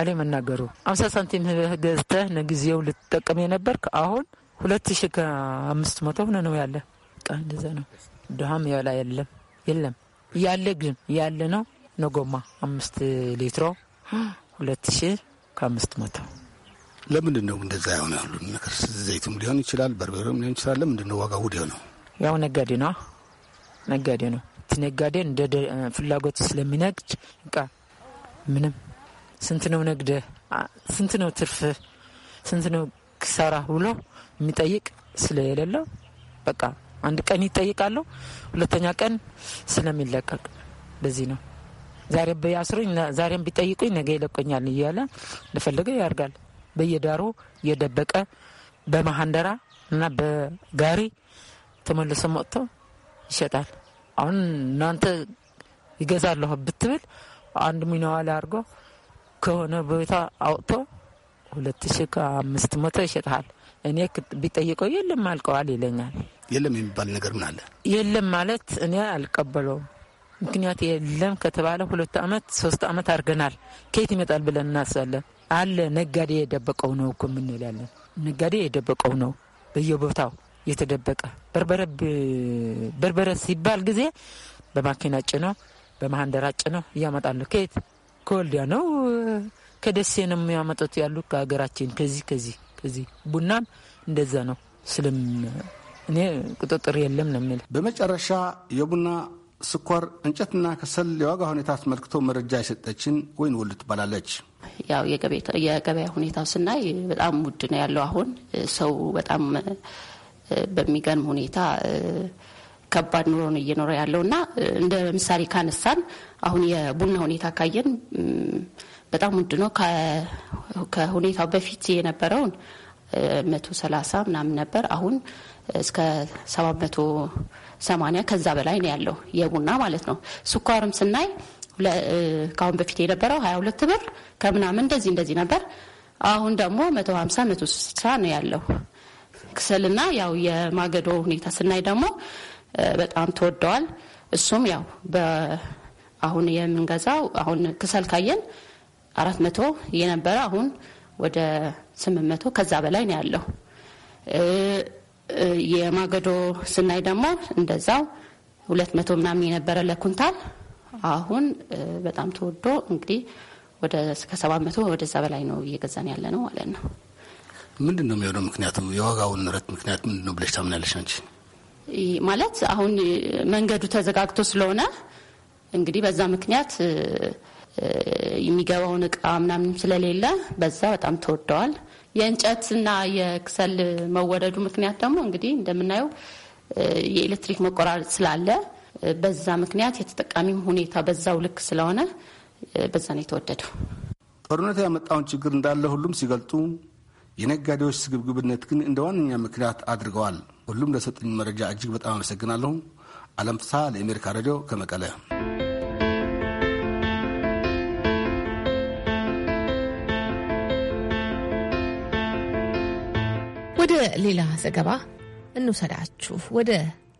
አለመናገሩ አምሳ ሳንቲም ገዝተህ ጊዜው ልትጠቀም የነበር አሁን ሁለት ሺ ከአምስት መቶ ሆነ ነው ያለ። በቃ ነው። ድሃም ያላ የለም የለም ያለ ግን ያለ ነው ነጎማ አምስት ሊትሮ ሁለት ሺ ከአምስት መቶ ለምንድን ነው እንደዛ የሆነ ያሉ ነገር ዘይቱም ሊሆን ይችላል፣ በርበሬም ሊሆን ይችላል። ለምንድን ነው ዋጋ ውድ የሆነው? ያው ነጋዴ ነው ነጋዴ ነው። ነጋዴ እንደ ፍላጎት ስለሚነግድ በቃ ምንም ስንት ነው ነግደ ስንት ነው ትርፍ ስንት ነው ክሳራ ብሎ የሚጠይቅ ስለሌለው በቃ አንድ ቀን ይጠይቃለሁ፣ ሁለተኛ ቀን ስለሚለቀቅ በዚህ ነው። ዛሬ ቢያስሩኝ ዛሬም ቢጠይቁኝ ነገ ይለቆኛል እያለ እንደፈለገ ያርጋል። በየዳሩ እየደበቀ በማሃንደራ እና በጋሪ ተመልሶ መጥቶ ይሸጣል። አሁን እናንተ ይገዛለሁ ብትብል አንድ ሚናዋላ አድርጎ ከሆነ ቦታ አውጥቶ ሁለት ሺ ከአምስት መቶ ይሸጥሃል። እኔ ቢጠይቀው የለም አልቀዋል ይለኛል። የለም የሚባል ነገር ምን አለ? የለም ማለት እኔ አልቀበለውም። ምክንያት የለም ከተባለ ሁለት ዓመት ሶስት ዓመት አድርገናል። ከየት ይመጣል ብለን እናስባለን። አለ ነጋዴ የደበቀው ነው እኮ የምንላለን። ነጋዴ የደበቀው ነው በየቦታው የተደበቀ በርበረ ሲባል ጊዜ በማኪና ጭነው በማህንደራ ጭነው እያመጣሉ። ከየት ከወልዲያ ነው ከደሴ ነው የሚያመጡት ያሉ ከሀገራችን ከዚህ ከዚህ ከዚህ ቡናም እንደዛ ነው። ስልም እኔ ቁጥጥር የለም ነው የሚል በመጨረሻ የቡና ስኳር፣ እንጨትና ከሰል የዋጋ ሁኔታ አስመልክቶ መረጃ የሰጠችን ወይን ወሉ ትባላለች። ያው የገበያ ሁኔታው ስናይ በጣም ውድ ነው ያለው። አሁን ሰው በጣም በሚገርም ሁኔታ ከባድ ኑሮ ነው እየኖረ ያለው እና እንደ ምሳሌ ካነሳን አሁን የቡና ሁኔታ ካየን በጣም ውድ ነው። ከሁኔታው በፊት የነበረውን መቶ ሰላሳ ምናምን ነበር። አሁን እስከ ሰባት መቶ ሰማንያ ከዛ በላይ ነው ያለው የቡና ማለት ነው። ስኳርም ስናይ ከአሁን በፊት የነበረው ሀያ ሁለት ብር ከምናምን እንደዚህ እንደዚህ ነበር። አሁን ደግሞ መቶ ሀምሳ መቶ ስልሳ ነው ያለው ክሰልና ያው የማገዶ ሁኔታ ስናይ ደግሞ በጣም ተወደዋል። እሱም ያው አሁን የምንገዛው አሁን ክሰል ካየን አራት መቶ የነበረ አሁን ወደ ስምንት መቶ ከዛ በላይ ነው ያለው። የማገዶ ስናይ ደግሞ እንደዛው ሁለት መቶ ምናምን የነበረ ለኩንታል አሁን በጣም ተወዶ እንግዲህ ወደ ሰባት መቶ ወደዛ በላይ ነው እየገዛን ያለ ነው ማለት ነው። ምንድን ነው የሚሆነው? ምክንያቱ የዋጋውን ንረት ምክንያት ምንድን ነው ብለሽ ታምናለሽ ነች ማለት አሁን መንገዱ ተዘጋግቶ ስለሆነ እንግዲህ በዛ ምክንያት የሚገባውን እቃ ምናምን ስለሌለ በዛ በጣም ተወደዋል። የእንጨትና የክሰል መወደዱ ምክንያት ደግሞ እንግዲህ እንደምናየው የኤሌክትሪክ መቆራረጥ ስላለ በዛ ምክንያት የተጠቃሚም ሁኔታ በዛው ልክ ስለሆነ በዛ ነው የተወደደው። ጦርነት ያመጣውን ችግር እንዳለ ሁሉም ሲገልጡ የነጋዴዎች ስግብግብነት ግን እንደ ዋነኛ ምክንያት አድርገዋል። ሁሉም ለሰጡኝ መረጃ እጅግ በጣም አመሰግናለሁ። አለም ፍስሐ ለአሜሪካ ሬዲዮ ከመቀለ ወደ ሌላ ዘገባ እንውሰዳችሁ። ወደ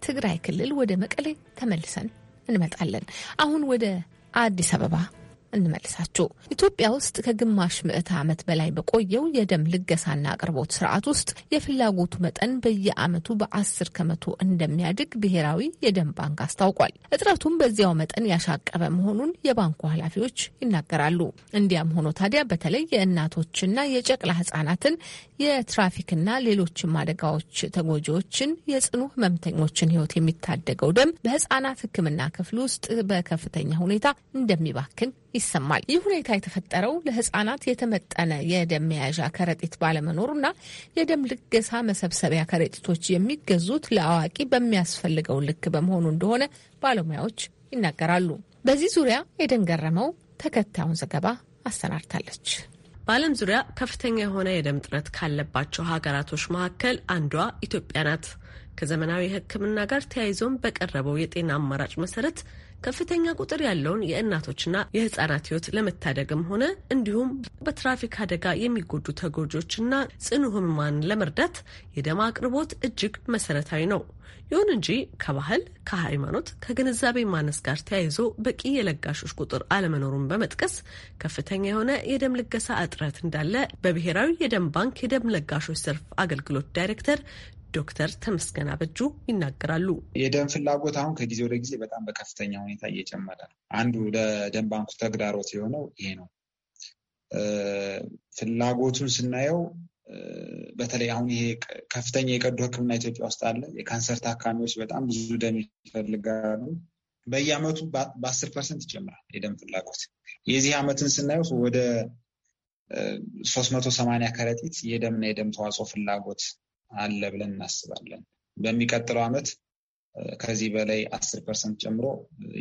ትግራይ ክልል ወደ መቀሌ ተመልሰን እንመጣለን። አሁን ወደ አዲስ አበባ እንመልሳችሁ። ኢትዮጵያ ውስጥ ከግማሽ ምዕተ ዓመት በላይ በቆየው የደም ልገሳና አቅርቦት ስርዓት ውስጥ የፍላጎቱ መጠን በየዓመቱ በአስር ከመቶ እንደሚያድግ ብሔራዊ የደም ባንክ አስታውቋል። እጥረቱም በዚያው መጠን ያሻቀበ መሆኑን የባንኩ ኃላፊዎች ይናገራሉ። እንዲያም ሆኖ ታዲያ በተለይ የእናቶችና የጨቅላ ህጻናትን፣ የትራፊክና ሌሎችም አደጋዎች ተጎጂዎችን፣ የጽኑ ህመምተኞችን ህይወት የሚታደገው ደም በህጻናት ህክምና ክፍል ውስጥ በከፍተኛ ሁኔታ እንደሚባክን ይሰማል። ይህ ሁኔታ የተፈጠረው ለህጻናት የተመጠነ የደም መያዣ ከረጢት ባለመኖሩና የደም ልገሳ መሰብሰቢያ ከረጢቶች የሚገዙት ለአዋቂ በሚያስፈልገው ልክ በመሆኑ እንደሆነ ባለሙያዎች ይናገራሉ። በዚህ ዙሪያ ኤደን ገረመው ተከታዩን ዘገባ አሰናድታለች። በዓለም ዙሪያ ከፍተኛ የሆነ የደም ጥረት ካለባቸው ሀገራቶች መካከል አንዷ ኢትዮጵያ ናት። ከዘመናዊ ሕክምና ጋር ተያይዞም በቀረበው የጤና አማራጭ መሰረት ከፍተኛ ቁጥር ያለውን የእናቶችና የህጻናት ህይወት ለመታደግም ሆነ እንዲሁም በትራፊክ አደጋ የሚጎዱ ተጎጂዎችና ጽኑ ህሙማን ለመርዳት የደም አቅርቦት እጅግ መሰረታዊ ነው። ይሁን እንጂ ከባህል፣ ከሃይማኖት፣ ከግንዛቤ ማነስ ጋር ተያይዞ በቂ የለጋሾች ቁጥር አለመኖሩን በመጥቀስ ከፍተኛ የሆነ የደም ልገሳ እጥረት እንዳለ በብሔራዊ የደም ባንክ የደም ለጋሾች ዘርፍ አገልግሎት ዳይሬክተር ዶክተር ተመስገን አበጁ ይናገራሉ። የደም ፍላጎት አሁን ከጊዜ ወደ ጊዜ በጣም በከፍተኛ ሁኔታ እየጨመረ ነው። አንዱ ለደም ባንኩ ተግዳሮት የሆነው ይሄ ነው። ፍላጎቱን ስናየው በተለይ አሁን ይሄ ከፍተኛ የቀዶ ሕክምና ኢትዮጵያ ውስጥ አለ። የካንሰር ታካሚዎች በጣም ብዙ ደም ይፈልጋሉ። በየአመቱ በአስር ፐርሰንት ይጨምራል የደም ፍላጎት። የዚህ አመትን ስናየው ወደ ሶስት መቶ ሰማንያ ከረጢት የደምና የደም ተዋጽኦ ፍላጎት አለ ብለን እናስባለን። በሚቀጥለው ዓመት ከዚህ በላይ አስር ፐርሰንት ጨምሮ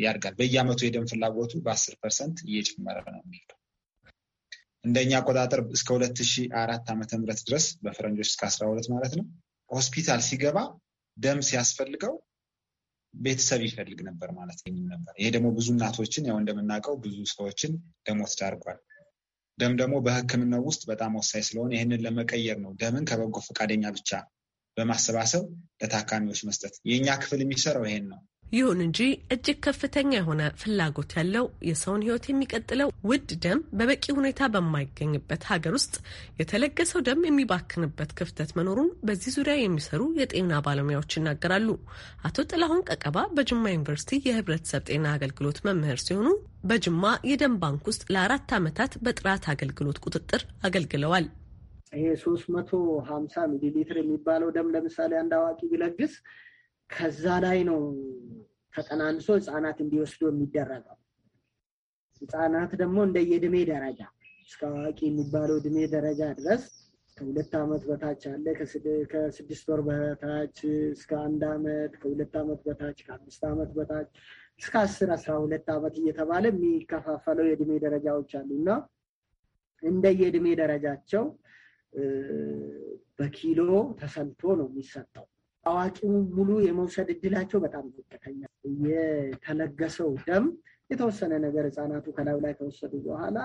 ያድጋል። በየዓመቱ የደም ፍላጎቱ በአስር ፐርሰንት እየጨመረ ነው የሚሄደው እንደኛ አቆጣጠር እስከ ሁለት ሺ አራት ዓመተ ምህረት ድረስ በፈረንጆች እስከ አስራ ሁለት ማለት ነው ሆስፒታል ሲገባ ደም ሲያስፈልገው ቤተሰብ ይፈልግ ነበር ማለት ነበር። ይሄ ደግሞ ብዙ እናቶችን ያው እንደምናውቀው ብዙ ሰዎችን ለሞት ዳርጓል። ደም ደግሞ በህክምናው ውስጥ በጣም ወሳኝ ስለሆነ ይህንን ለመቀየር ነው ደምን ከበጎ ፈቃደኛ ብቻ በማሰባሰብ ለታካሚዎች መስጠት። የእኛ ክፍል የሚሰራው ይሄን ነው። ይሁን እንጂ እጅግ ከፍተኛ የሆነ ፍላጎት ያለው የሰውን ሕይወት የሚቀጥለው ውድ ደም በበቂ ሁኔታ በማይገኝበት ሀገር ውስጥ የተለገሰው ደም የሚባክንበት ክፍተት መኖሩን በዚህ ዙሪያ የሚሰሩ የጤና ባለሙያዎች ይናገራሉ። አቶ ጥላሁን ቀቀባ በጅማ ዩኒቨርሲቲ የህብረተሰብ ጤና አገልግሎት መምህር ሲሆኑ በጅማ የደም ባንክ ውስጥ ለአራት ዓመታት በጥራት አገልግሎት ቁጥጥር አገልግለዋል። ይሄ ሶስት መቶ ሀምሳ ሚሊ ሊትር የሚባለው ደም ለምሳሌ አንድ አዋቂ ቢለግስ ከዛ ላይ ነው ተጠናንሶ ህፃናት እንዲወስዱ የሚደረገው። ህፃናት ደግሞ እንደ የእድሜ ደረጃ እስከ አዋቂ የሚባለው እድሜ ደረጃ ድረስ ከሁለት ዓመት በታች አለ፣ ከስድስት ወር በታች እስከ አንድ ዓመት፣ ከሁለት ዓመት በታች፣ ከአምስት ዓመት በታች እስከ አስር አስራ ሁለት ዓመት እየተባለ የሚከፋፈለው የእድሜ ደረጃዎች አሉ እና እንደየእድሜ ደረጃቸው በኪሎ ተሰልቶ ነው የሚሰጠው። አዋቂው ሙሉ የመውሰድ እድላቸው በጣም ዝቅተኛ፣ የተለገሰው ደም የተወሰነ ነገር ህፃናቱ ከላዩ ላይ ከወሰዱ በኋላ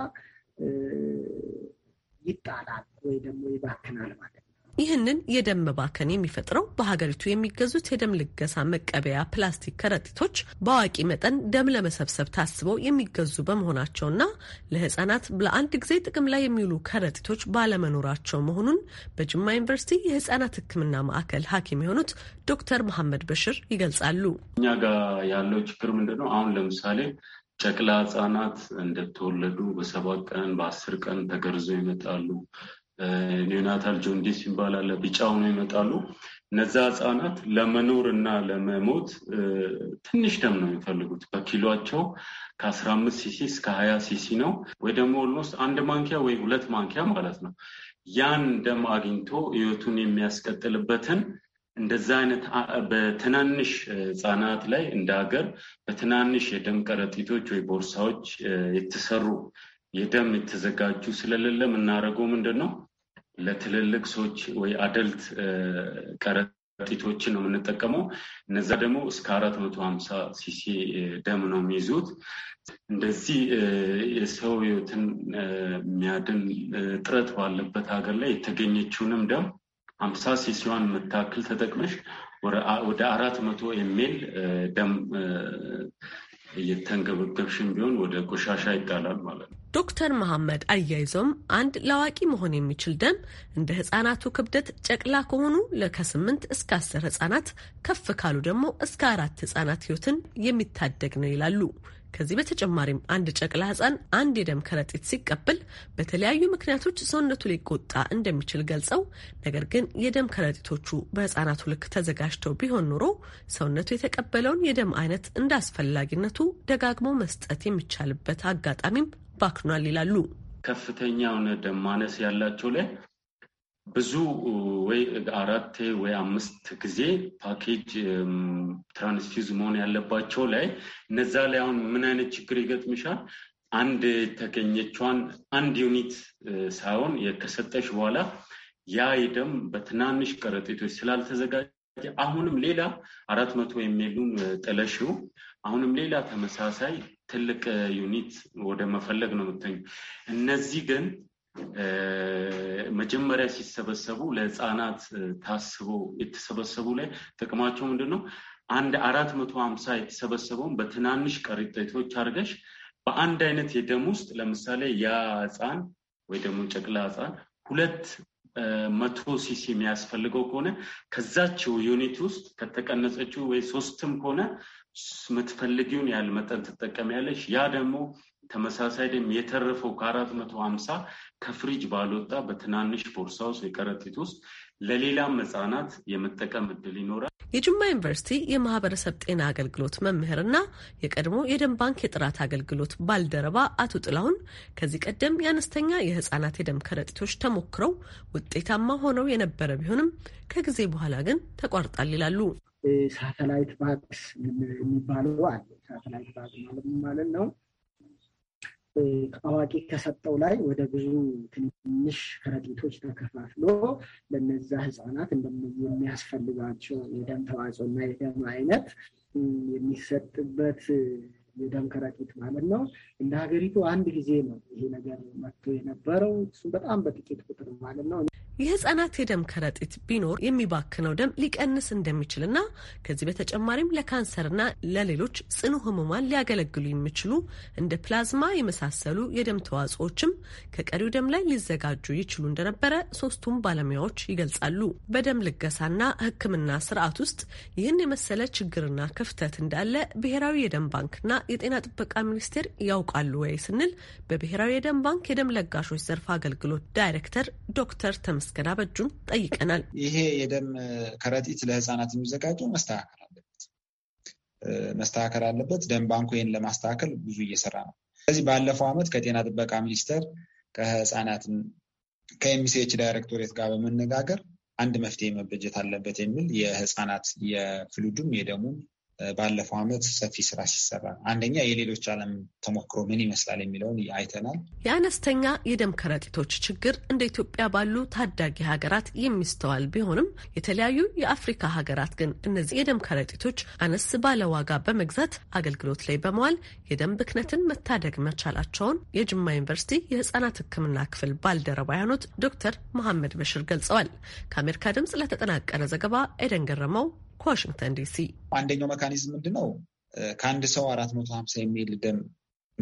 ይጣላል ወይ ደግሞ ይባክናል ማለት ነው። ይህንን የደም መባከን የሚፈጥረው በሀገሪቱ የሚገዙት የደም ልገሳ መቀበያ ፕላስቲክ ከረጢቶች በአዋቂ መጠን ደም ለመሰብሰብ ታስበው የሚገዙ በመሆናቸውና ለህጻናት ለአንድ ጊዜ ጥቅም ላይ የሚውሉ ከረጢቶች ባለመኖራቸው መሆኑን በጅማ ዩኒቨርሲቲ የህጻናት ሕክምና ማዕከል ሐኪም የሆኑት ዶክተር መሐመድ በሽር ይገልጻሉ። እኛ ጋር ያለው ችግር ምንድን ነው? አሁን ለምሳሌ ጨቅላ ህጻናት እንደተወለዱ በሰባት ቀን በአስር ቀን ተገርዘው ይመጣሉ። ኒዮናታል ጆንዲስ ይባላል። ቢጫው ነው ይመጣሉ። እነዛ ህጻናት ለመኖር እና ለመሞት ትንሽ ደም ነው የሚፈልጉት። በኪሏቸው ከአስራ አምስት ሲሲ እስከ ሀያ ሲሲ ነው ወይ ደግሞ ኦልሞስት አንድ ማንኪያ ወይ ሁለት ማንኪያ ማለት ነው። ያን ደም አግኝቶ ህይወቱን የሚያስቀጥልበትን እንደዛ አይነት በትናንሽ ህጻናት ላይ እንደ ሀገር በትናንሽ የደም ከረጢቶች ወይ ቦርሳዎች የተሰሩ የደም የተዘጋጁ ስለሌለ የምናደርገው ምንድን ነው? ለትልልቅ ሰዎች ወይ አደልት ከረጢቶችን ነው የምንጠቀመው። እነዛ ደግሞ እስከ አራት መቶ ሀምሳ ሲሲ ደም ነው የሚይዙት። እንደዚህ የሰው ህይወትን የሚያድን ጥረት ባለበት ሀገር ላይ የተገኘችውንም ደም ሀምሳ ሲሲዋን የምታክል ተጠቅመሽ ወደ አራት መቶ የሚል ደም እየተንገበገብሽን ቢሆን ወደ ቆሻሻ ይጣላል ማለት ነው። ዶክተር መሐመድ አያይዘውም አንድ ለአዋቂ መሆን የሚችል ደም እንደ ህጻናቱ ክብደት ጨቅላ ከሆኑ ከስምንት እስከ አስር ህጻናት ከፍ ካሉ ደግሞ እስከ አራት ህጻናት ህይወትን የሚታደግ ነው ይላሉ። ከዚህ በተጨማሪም አንድ ጨቅላ ህፃን አንድ የደም ከረጢት ሲቀበል በተለያዩ ምክንያቶች ሰውነቱ ሊቆጣ እንደሚችል ገልጸው፣ ነገር ግን የደም ከረጢቶቹ በህጻናቱ ልክ ተዘጋጅተው ቢሆን ኖሮ ሰውነቱ የተቀበለውን የደም አይነት እንደ አስፈላጊነቱ ደጋግሞ መስጠት የሚቻልበት አጋጣሚም ባክኗል ይላሉ። ከፍተኛ የሆነ ደም ማነስ ያላቸው ላይ ብዙ ወይ አራት ወይ አምስት ጊዜ ፓኬጅ ትራንስፊዝ መሆን ያለባቸው ላይ እነዛ ላይ አሁን ምን አይነት ችግር ይገጥምሻል? አንድ የተገኘቿን አንድ ዩኒት ሳይሆን ከሰጠሽ በኋላ ያ ደም በትናንሽ ከረጢቶች ስላልተዘጋጀ አሁንም ሌላ አራት መቶ የሚሉም ጥለሽው አሁንም ሌላ ተመሳሳይ ትልቅ ዩኒት ወደ መፈለግ ነው የምትኙ። እነዚህ ግን መጀመሪያ ሲሰበሰቡ ለህፃናት ታስቦ የተሰበሰቡ ላይ ጥቅማቸው ምንድን ነው? አንድ አራት መቶ ሀምሳ የተሰበሰበውን በትናንሽ ከረጢቶች አድርገሽ በአንድ አይነት የደም ውስጥ ለምሳሌ ያ ህፃን ወይ ደግሞ ጨቅላ ህፃን ሁለት መቶ ሲሲ የሚያስፈልገው ከሆነ ከዛችው ዩኒት ውስጥ ከተቀነሰችው ወይ ሶስትም ከሆነ የምትፈልጊውን ያህል መጠን ትጠቀሚያለሽ። ያ ደግሞ ተመሳሳይ ደም የተረፈው ከአራት መቶ ሀምሳ ከፍሪጅ ባልወጣ በትናንሽ ቦርሳ ውስጥ የከረጢት ውስጥ ለሌላም ህጻናት የመጠቀም እድል ይኖራል። የጅማ ዩኒቨርሲቲ የማህበረሰብ ጤና አገልግሎት መምህርና የቀድሞ የደም ባንክ የጥራት አገልግሎት ባልደረባ አቶ ጥላሁን ከዚህ ቀደም የአነስተኛ የህጻናት የደም ከረጢቶች ተሞክረው ውጤታማ ሆነው የነበረ ቢሆንም ከጊዜ በኋላ ግን ተቋርጣል ይላሉ። ሳተላይት ባክስ የሚባለው አለ። ሳተላይት ባግ ማለት ነው አዋቂ ከሰጠው ላይ ወደ ብዙ ትንሽ ከረጢቶች ተከፋፍሎ ለነዛ ህፃናት የሚያስፈልጋቸው የደም ተዋጽኦ እና የደም አይነት የሚሰጥበት የደም ከረጢት ማለት ነው። እንደ ሀገሪቱ አንድ ጊዜ ነው ይሄ ነገር መጥቶ የነበረው እሱ በጣም በጥቂት ቁጥር ማለት ነው። የህጻናት የደም ከረጢት ቢኖር የሚባክነው ደም ሊቀንስ እንደሚችልና ከዚህ በተጨማሪም ለካንሰርና ለሌሎች ጽኑ ህሙማን ሊያገለግሉ የሚችሉ እንደ ፕላዝማ የመሳሰሉ የደም ተዋጽኦችም ከቀሪው ደም ላይ ሊዘጋጁ ይችሉ እንደነበረ ሶስቱም ባለሙያዎች ይገልጻሉ። በደም ልገሳና ህክምና ስርዓት ውስጥ ይህን የመሰለ ችግርና ክፍተት እንዳለ ብሔራዊ የደም ባንክና የጤና ጥበቃ ሚኒስቴር ያውቃሉ ወይ ስንል በብሔራዊ የደም ባንክ የደም ለጋሾች ዘርፍ አገልግሎት ዳይሬክተር ዶክተር ተምስ እንዲያስገናበጁም ጠይቀናል። ይሄ የደም ከረጢት ለህፃናት የሚዘጋጀው መስተካከል አለበት መስተካከል አለበት። ደም ባንኩ ይህን ለማስተካከል ብዙ እየሰራ ነው። ስለዚህ ባለፈው ዓመት ከጤና ጥበቃ ሚኒስቴር ከህፃናት ከኤምሲኤች ዳይሬክቶሬት ጋር በመነጋገር አንድ መፍትሄ መበጀት አለበት የሚል የህፃናት የፍሉዱም የደሙም ባለፈው ዓመት ሰፊ ስራ ሲሰራ አንደኛ የሌሎች ዓለም ተሞክሮ ምን ይመስላል የሚለውን አይተናል። የአነስተኛ የደም ከረጢቶች ችግር እንደ ኢትዮጵያ ባሉ ታዳጊ ሀገራት የሚስተዋል ቢሆንም የተለያዩ የአፍሪካ ሀገራት ግን እነዚህ የደም ከረጢቶች አነስ ባለ ዋጋ በመግዛት አገልግሎት ላይ በመዋል የደም ብክነትን መታደግ መቻላቸውን የጅማ ዩኒቨርሲቲ የህጻናት ሕክምና ክፍል ባልደረባ የሆኑት ዶክተር መሐመድ በሽር ገልጸዋል። ከአሜሪካ ድምጽ ለተጠናቀረ ዘገባ ኤደን ገረመው ከዋሽንግተን ዲሲ። አንደኛው መካኒዝም ምንድን ነው? ከአንድ ሰው አራት መቶ ሀምሳ የሚል ደም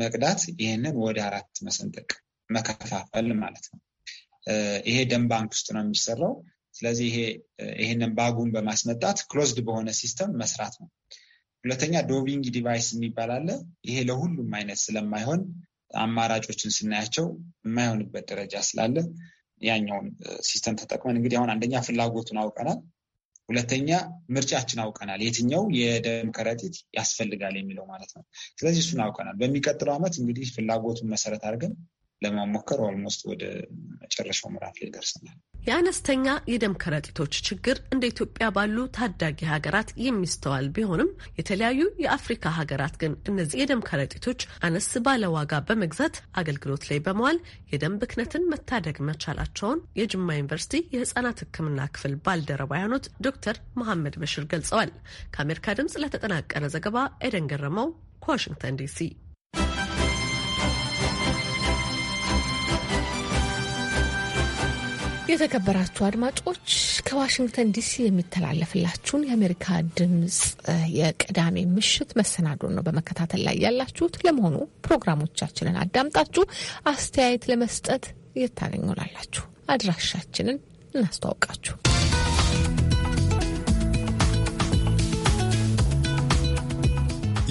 መቅዳት ይህንን ወደ አራት መሰንጠቅ መከፋፈል ማለት ነው። ይሄ ደም ባንክ ውስጥ ነው የሚሰራው። ስለዚህ ይሄ ይህንን ባጉን በማስመጣት ክሎዝድ በሆነ ሲስተም መስራት ነው። ሁለተኛ ዶቪንግ ዲቫይስ የሚባል አለ። ይሄ ለሁሉም አይነት ስለማይሆን አማራጮችን ስናያቸው የማይሆንበት ደረጃ ስላለ ያኛውን ሲስተም ተጠቅመን እንግዲህ አሁን አንደኛ ፍላጎቱን አውቀናል። ሁለተኛ ምርጫችን አውቀናል። የትኛው የደም ከረጢት ያስፈልጋል የሚለው ማለት ነው። ስለዚህ እሱን አውቀናል። በሚቀጥለው ዓመት እንግዲህ ፍላጎቱን መሰረት አድርገን ለማሞከር ኦልሞስት ወደ መጨረሻው ምዕራፍ ላይ ደርሰናል። የአነስተኛ የደም ከረጢቶች ችግር እንደ ኢትዮጵያ ባሉ ታዳጊ ሀገራት የሚስተዋል ቢሆንም የተለያዩ የአፍሪካ ሀገራት ግን እነዚህ የደም ከረጢቶች አነስ ባለ ዋጋ በመግዛት አገልግሎት ላይ በመዋል የደም ብክነትን መታደግ መቻላቸውን የጅማ ዩኒቨርሲቲ የህጻናት ሕክምና ክፍል ባልደረባ የሆኑት ዶክተር መሐመድ በሽር ገልጸዋል። ከአሜሪካ ድምጽ ለተጠናቀረ ዘገባ ኤደን ገረመው ከዋሽንግተን ዲሲ የተከበራችሁ አድማጮች ከዋሽንግተን ዲሲ የሚተላለፍላችሁን የአሜሪካ ድምፅ የቅዳሜ ምሽት መሰናዶን ነው በመከታተል ላይ ያላችሁት። ለመሆኑ ፕሮግራሞቻችንን አዳምጣችሁ አስተያየት ለመስጠት የታገኙላላችሁ? አድራሻችንን እናስተዋውቃችሁ።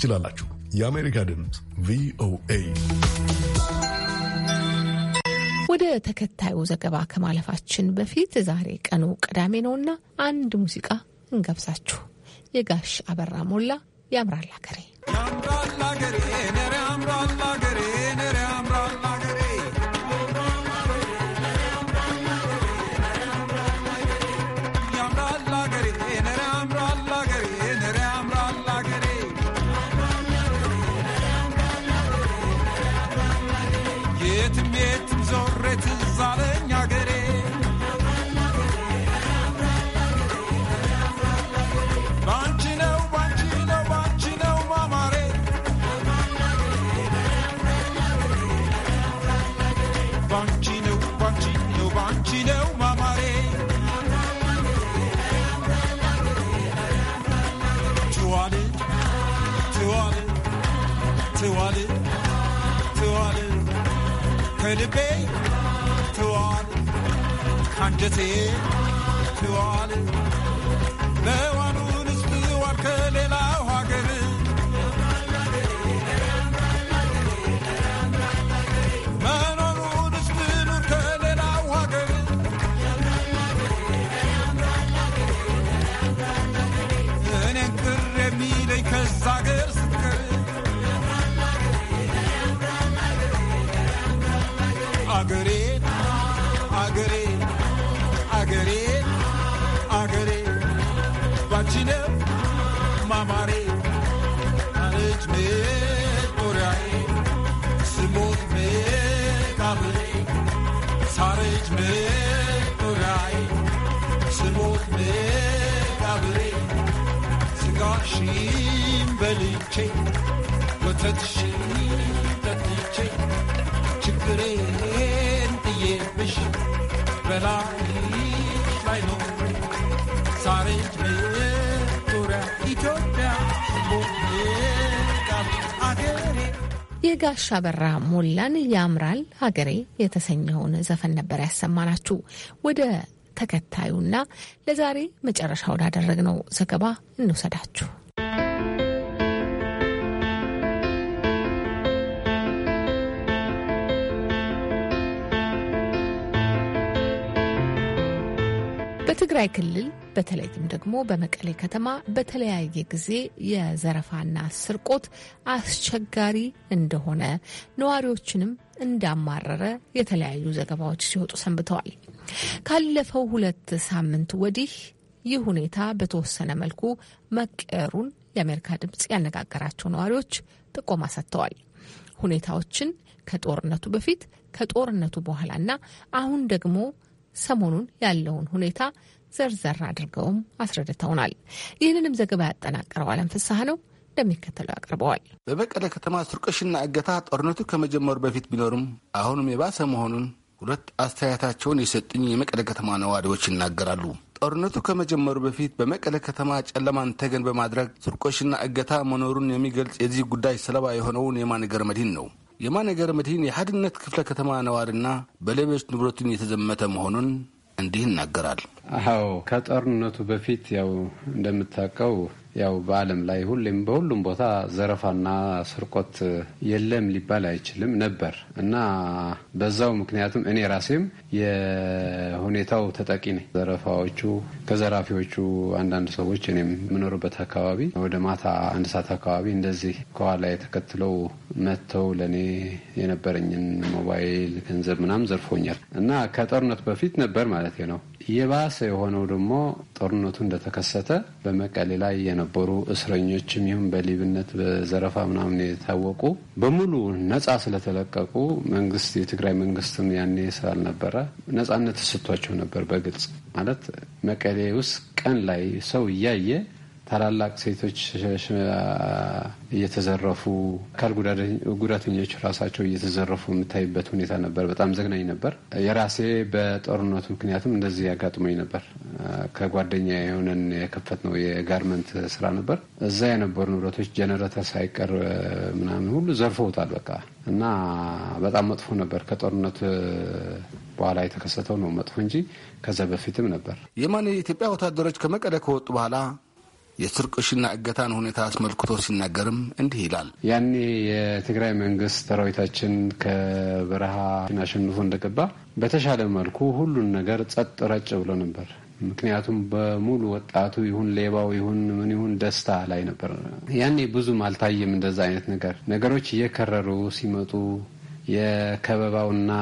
ትችላላችሁ። የአሜሪካ ድምፅ ቪኦኤ። ወደ ተከታዩ ዘገባ ከማለፋችን በፊት ዛሬ ቀኑ ቅዳሜ ነውና አንድ ሙዚቃ እንገብዛችሁ። የጋሽ አበራ ሞላ ያምራል ሀገሬ ያምራል ሀገሬ ሻበራ ሞላን ያምራል ሀገሬ የተሰኘውን ዘፈን ነበር ያሰማናችሁ። ወደ ተከታዩና ለዛሬ መጨረሻ ወዳደረግነው ዘገባ እንውሰዳችሁ። በትግራይ ክልል በተለይም ደግሞ በመቀሌ ከተማ በተለያየ ጊዜ የዘረፋና ስርቆት አስቸጋሪ እንደሆነ ነዋሪዎችንም እንዳማረረ የተለያዩ ዘገባዎች ሲወጡ ሰንብተዋል። ካለፈው ሁለት ሳምንት ወዲህ ይህ ሁኔታ በተወሰነ መልኩ መቀየሩን የአሜሪካ ድምፅ ያነጋገራቸው ነዋሪዎች ጥቆማ ሰጥተዋል። ሁኔታዎችን ከጦርነቱ በፊት ከጦርነቱ በኋላና አሁን ደግሞ ሰሞኑን ያለውን ሁኔታ ዘርዘር አድርገውም አስረድተውናል። ይህንንም ዘገባ ያጠናቀረው አለም ፍሳሐ ነው እንደሚከተለው ያቀርበዋል። በመቀለ ከተማ ስርቆሽና እገታ ጦርነቱ ከመጀመሩ በፊት ቢኖርም አሁንም የባሰ መሆኑን ሁለት አስተያየታቸውን የሰጡኝ የመቀለ ከተማ ነዋሪዎች ይናገራሉ። ጦርነቱ ከመጀመሩ በፊት በመቀለ ከተማ ጨለማን ተገን በማድረግ ስርቆሽና እገታ መኖሩን የሚገልጽ የዚህ ጉዳይ ሰለባ የሆነውን የማን ገርመዲን ነው። የማነ ገብረ መድህን የሀድነት ክፍለ ከተማ ነዋሪና በሌቦች ንብረቱን የተዘመተ መሆኑን እንዲህ ይናገራል። አዎ ከጦርነቱ በፊት ያው እንደምታውቀው ያው በዓለም ላይ ሁሌም በሁሉም ቦታ ዘረፋና ስርቆት የለም ሊባል አይችልም ነበር እና በዛው ምክንያቱም እኔ ራሴም የሁኔታው ተጠቂ ነኝ። ዘረፋዎቹ ከዘራፊዎቹ አንዳንድ ሰዎች እኔም የምኖርበት አካባቢ ወደ ማታ አንድ ሰዓት አካባቢ እንደዚህ ከኋላ የተከትለው መጥተው ለእኔ የነበረኝን ሞባይል፣ ገንዘብ ምናምን ዘርፎኛል እና ከጦርነት በፊት ነበር ማለት ነው የባሰ የሆነው ደግሞ ጦርነቱ እንደተከሰተ በመቀሌ ላይ የነበሩ እስረኞችም ይሁን በሊብነት በዘረፋ ምናምን የታወቁ በሙሉ ነጻ ስለተለቀቁ መንግስት የትግራይ መንግስትም ያኔ ስላልነበረ ነጻነት ተሰጥቷቸው ነበር። በግልጽ ማለት መቀሌ ውስጥ ቀን ላይ ሰው እያየ ታላላቅ ሴቶች እየተዘረፉ አካል ጉዳተኞች ራሳቸው እየተዘረፉ የምታይበት ሁኔታ ነበር። በጣም ዘግናኝ ነበር። የራሴ በጦርነቱ ምክንያትም እንደዚህ ያጋጥሞኝ ነበር። ከጓደኛ የሆነን የከፈት ነው የጋርመንት ስራ ነበር። እዛ የነበሩ ንብረቶች ጀነሬተር ሳይቀር ምናምን ሁሉ ዘርፈውታል። በቃ እና በጣም መጥፎ ነበር። ከጦርነት በኋላ የተከሰተው ነው መጥፎ እንጂ ከዛ በፊትም ነበር። የማን የኢትዮጵያ ወታደሮች ከመቀለ ከወጡ በኋላ የስርቆሽና እገታን ሁኔታ አስመልክቶ ሲናገርም እንዲህ ይላል። ያኔ የትግራይ መንግስት ሰራዊታችን ከበረሃ አሸንፎ እንደገባ በተሻለ መልኩ ሁሉን ነገር ጸጥ ረጭ ብሎ ነበር። ምክንያቱም በሙሉ ወጣቱ ይሁን ሌባው ይሁን ምን ይሁን ደስታ ላይ ነበር። ያኔ ብዙም አልታየም እንደዛ አይነት ነገር ነገሮች እየከረሩ ሲመጡ የከበባውና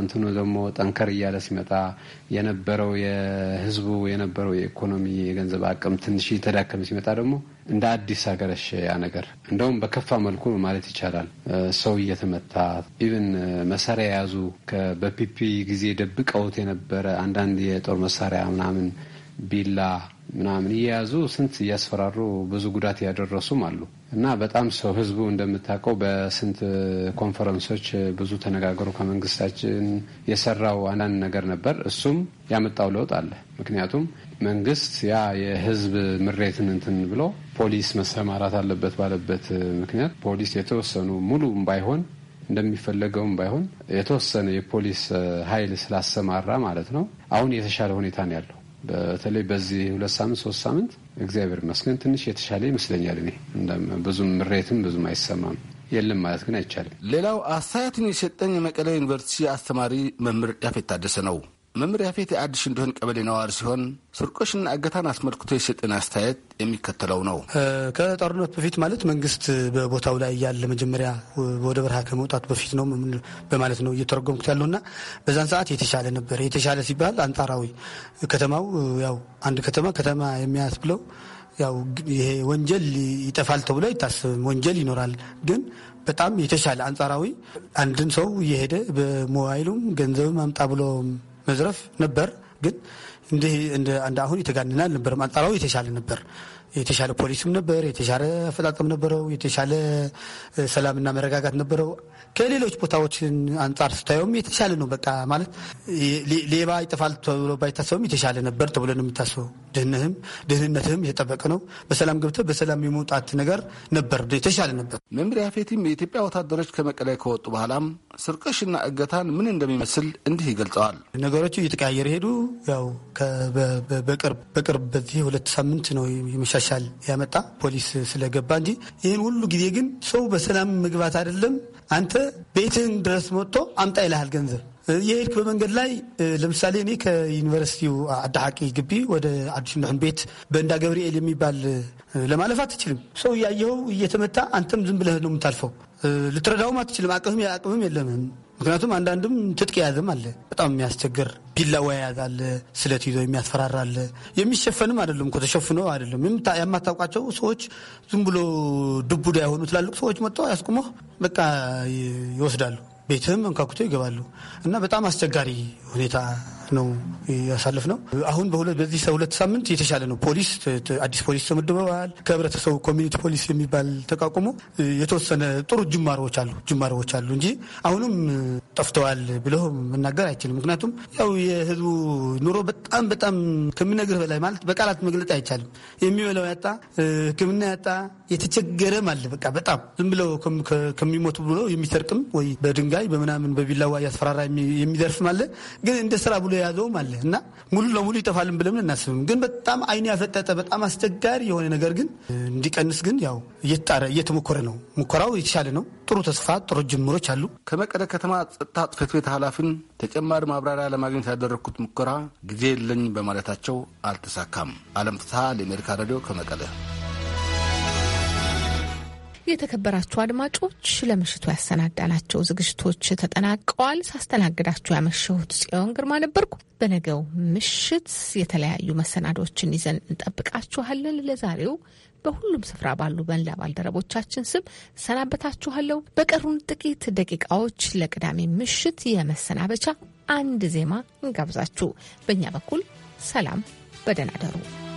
እንትኑ ደግሞ ጠንከር እያለ ሲመጣ የነበረው የህዝቡ የነበረው የኢኮኖሚ የገንዘብ አቅም ትንሽ እየተዳከመ ሲመጣ ደግሞ እንደ አዲስ አገረሽ ያ ነገር እንደውም በከፋ መልኩ ማለት ይቻላል። ሰው እየተመታ ኢቭን መሳሪያ የያዙ በፒፒ ጊዜ ደብቀውት የነበረ አንዳንድ የጦር መሳሪያ ምናምን ቢላ ምናምን እየያዙ ስንት እያስፈራሩ ብዙ ጉዳት እያደረሱም አሉ እና በጣም ሰው ህዝቡ እንደምታውቀው በስንት ኮንፈረንሶች ብዙ ተነጋገሩ። ከመንግስታችን የሰራው አንዳንድ ነገር ነበር። እሱም ያመጣው ለውጥ አለ። ምክንያቱም መንግስት ያ የህዝብ ምሬትን እንትን ብሎ ፖሊስ መሰማራት አለበት ባለበት ምክንያት ፖሊስ የተወሰኑ ሙሉም ባይሆን እንደሚፈለገውም ባይሆን የተወሰነ የፖሊስ ኃይል ስላሰማራ ማለት ነው አሁን የተሻለ ሁኔታ ነው ያለው። በተለይ በዚህ ሁለት ሳምንት ሶስት ሳምንት እግዚአብሔር ይመስገን ትንሽ የተሻለ ይመስለኛል። እኔ ብዙም ምሬትም ብዙም አይሰማም። የለም ማለት ግን አይቻልም። ሌላው አስተያየትን የሰጠኝ የመቀሌ ዩኒቨርሲቲ አስተማሪ መምህር ያፌት ታደሰ ነው። መምሪያ ቤት የአዲስ እንደሆን ቀበሌ ነዋሪ ሲሆን ስርቆሽና እገታን አስመልክቶ የሰጠን አስተያየት የሚከተለው ነው። ከጦርነት በፊት ማለት መንግስት በቦታው ላይ ያለ መጀመሪያ ወደ በረሃ ከመውጣቱ በፊት ነው በማለት ነው እየተረጎምኩት ያለውና በዛን ሰዓት የተሻለ ነበር። የተሻለ ሲባል አንጻራዊ ከተማው ያው አንድ ከተማ ከተማ የሚያስብለው ያው ይሄ ወንጀል ይጠፋል ተብሎ አይታሰብም። ወንጀል ይኖራል ግን በጣም የተሻለ አንጻራዊ አንድን ሰው እየሄደ በሞባይሉም ገንዘብም አምጣ ብሎ መዝረፍ ነበር፣ ግን እንዲህ እንደ አሁን የተጋነነ አልነበረም። አንጻራዊ የተሻለ ነበር። የተሻለ ፖሊስም ነበር፣ የተሻለ አፈጣጠም ነበረው፣ የተሻለ ሰላምና መረጋጋት ነበረው። ከሌሎች ቦታዎችን አንጻር ስታየውም የተሻለ ነው። በቃ ማለት ሌባ ይጠፋል ተብሎ ባይታሰብም የተሻለ ነበር ተብሎ ነው የሚታሰበው። ድህነትም ድህንነትህም የተጠበቀ ነው። በሰላም ገብተህ በሰላም የመውጣት ነገር ነበር፣ የተሻለ ነበር። መምሪያ ፌቲም የኢትዮጵያ ወታደሮች ከመቀሌ ከወጡ በኋላም ስርቀሽና እገታን ምን እንደሚመስል እንዲህ ይገልጸዋል። ነገሮቹ እየተቀያየር ሄዱ። ያው በቅርብ በዚህ ሁለት ሳምንት ነው የመሻሻል ያመጣ ፖሊስ ስለገባ እንጂ ይህን ሁሉ ጊዜ ግን ሰው በሰላም መግባት አይደለም። አንተ ቤትህን ድረስ መጥቶ አምጣ ይልሃል ገንዘብ የሄድክ በመንገድ ላይ ለምሳሌ እኔ ከዩኒቨርሲቲው አዳሐቂ ግቢ ወደ አዲሱ ምድሕን ቤት በእንዳ ገብርኤል የሚባል ለማለፍ አትችልም። ሰው እያየኸው እየተመታ አንተም ዝም ብለህ ነው የምታልፈው። ልትረዳውም አትችልም። አቅም አቅምም የለምም። ምክንያቱም አንዳንድም ትጥቅ የያዘም አለ። በጣም የሚያስቸግር ቢላዋ የያዘ አለ፣ ስለት ይዞ የሚያስፈራራ አለ። የሚሸፈንም አይደለም እኮ ተሸፍኖ አይደለም። የማታውቋቸው ሰዎች ዝም ብሎ ድቡዳ የሆኑ ትላልቅ ሰዎች መጥተው ያስቁሞ በቃ ይወስዳሉ። ቤትህም እንካኩቶ ይገባሉ እና በጣም አስቸጋሪ ሁኔታ ነው ያሳልፍ ነው። አሁን በዚህ ሁለት ሳምንት የተሻለ ነው። ፖሊስ አዲስ ፖሊስ ተመድበዋል። ከህብረተሰቡ ኮሚኒቲ ፖሊስ የሚባል ተቋቁሞ የተወሰነ ጥሩ ጅማሮዎች አሉ ጅማሮዎች አሉ እንጂ አሁንም ጠፍተዋል ብሎ መናገር አይችልም። ምክንያቱም ያው የህዝቡ ኑሮ በጣም በጣም ከምነግርህ በላይ ማለት በቃላት መግለጽ አይቻልም። የሚበላው ያጣ፣ ህክምና ያጣ የተቸገረም አለ። በቃ በጣም ዝም ብለው ከሚሞቱ ብሎ የሚሰርቅም ወይ በድንጋይ በምናምን በቢላዋ እያስፈራራ የሚዘርፍም አለ። ግን እንደ ስራ ብሎ የያዘውም አለ እና ሙሉ ለሙሉ ይጠፋልን ብለን እናስብም። ግን በጣም አይን ያፈጠጠ በጣም አስቸጋሪ የሆነ ነገር ግን እንዲቀንስ ግን ያው እየተጣረ እየተሞከረ ነው። ሙከራው የተሻለ ነው። ጥሩ ተስፋ፣ ጥሩ ጅምሮች አሉ። ከመቀለ ከተማ ጸጥታ ጽሕፈት ቤት ኃላፊን ተጨማሪ ማብራሪያ ለማግኘት ያደረግኩት ሙከራ ጊዜ የለኝ በማለታቸው አልተሳካም። አለም ፍትሀ ለአሜሪካ ሬዲዮ ከመቀለ የተከበራችሁ አድማጮች ለምሽቱ ያሰናዳናቸው ዝግጅቶች ተጠናቀዋል። ሳስተናግዳችሁ ያመሸሁት ጽዮን ግርማ ነበርኩ። በነገው ምሽት የተለያዩ መሰናዶችን ይዘን እንጠብቃችኋለን። ለዛሬው በሁሉም ስፍራ ባሉ በንላ ባልደረቦቻችን ስም ሰናበታችኋለሁ። በቀሩን ጥቂት ደቂቃዎች ለቅዳሜ ምሽት የመሰናበቻ አንድ ዜማ እንጋብዛችሁ። በእኛ በኩል ሰላም፣ በደህና ደሩ።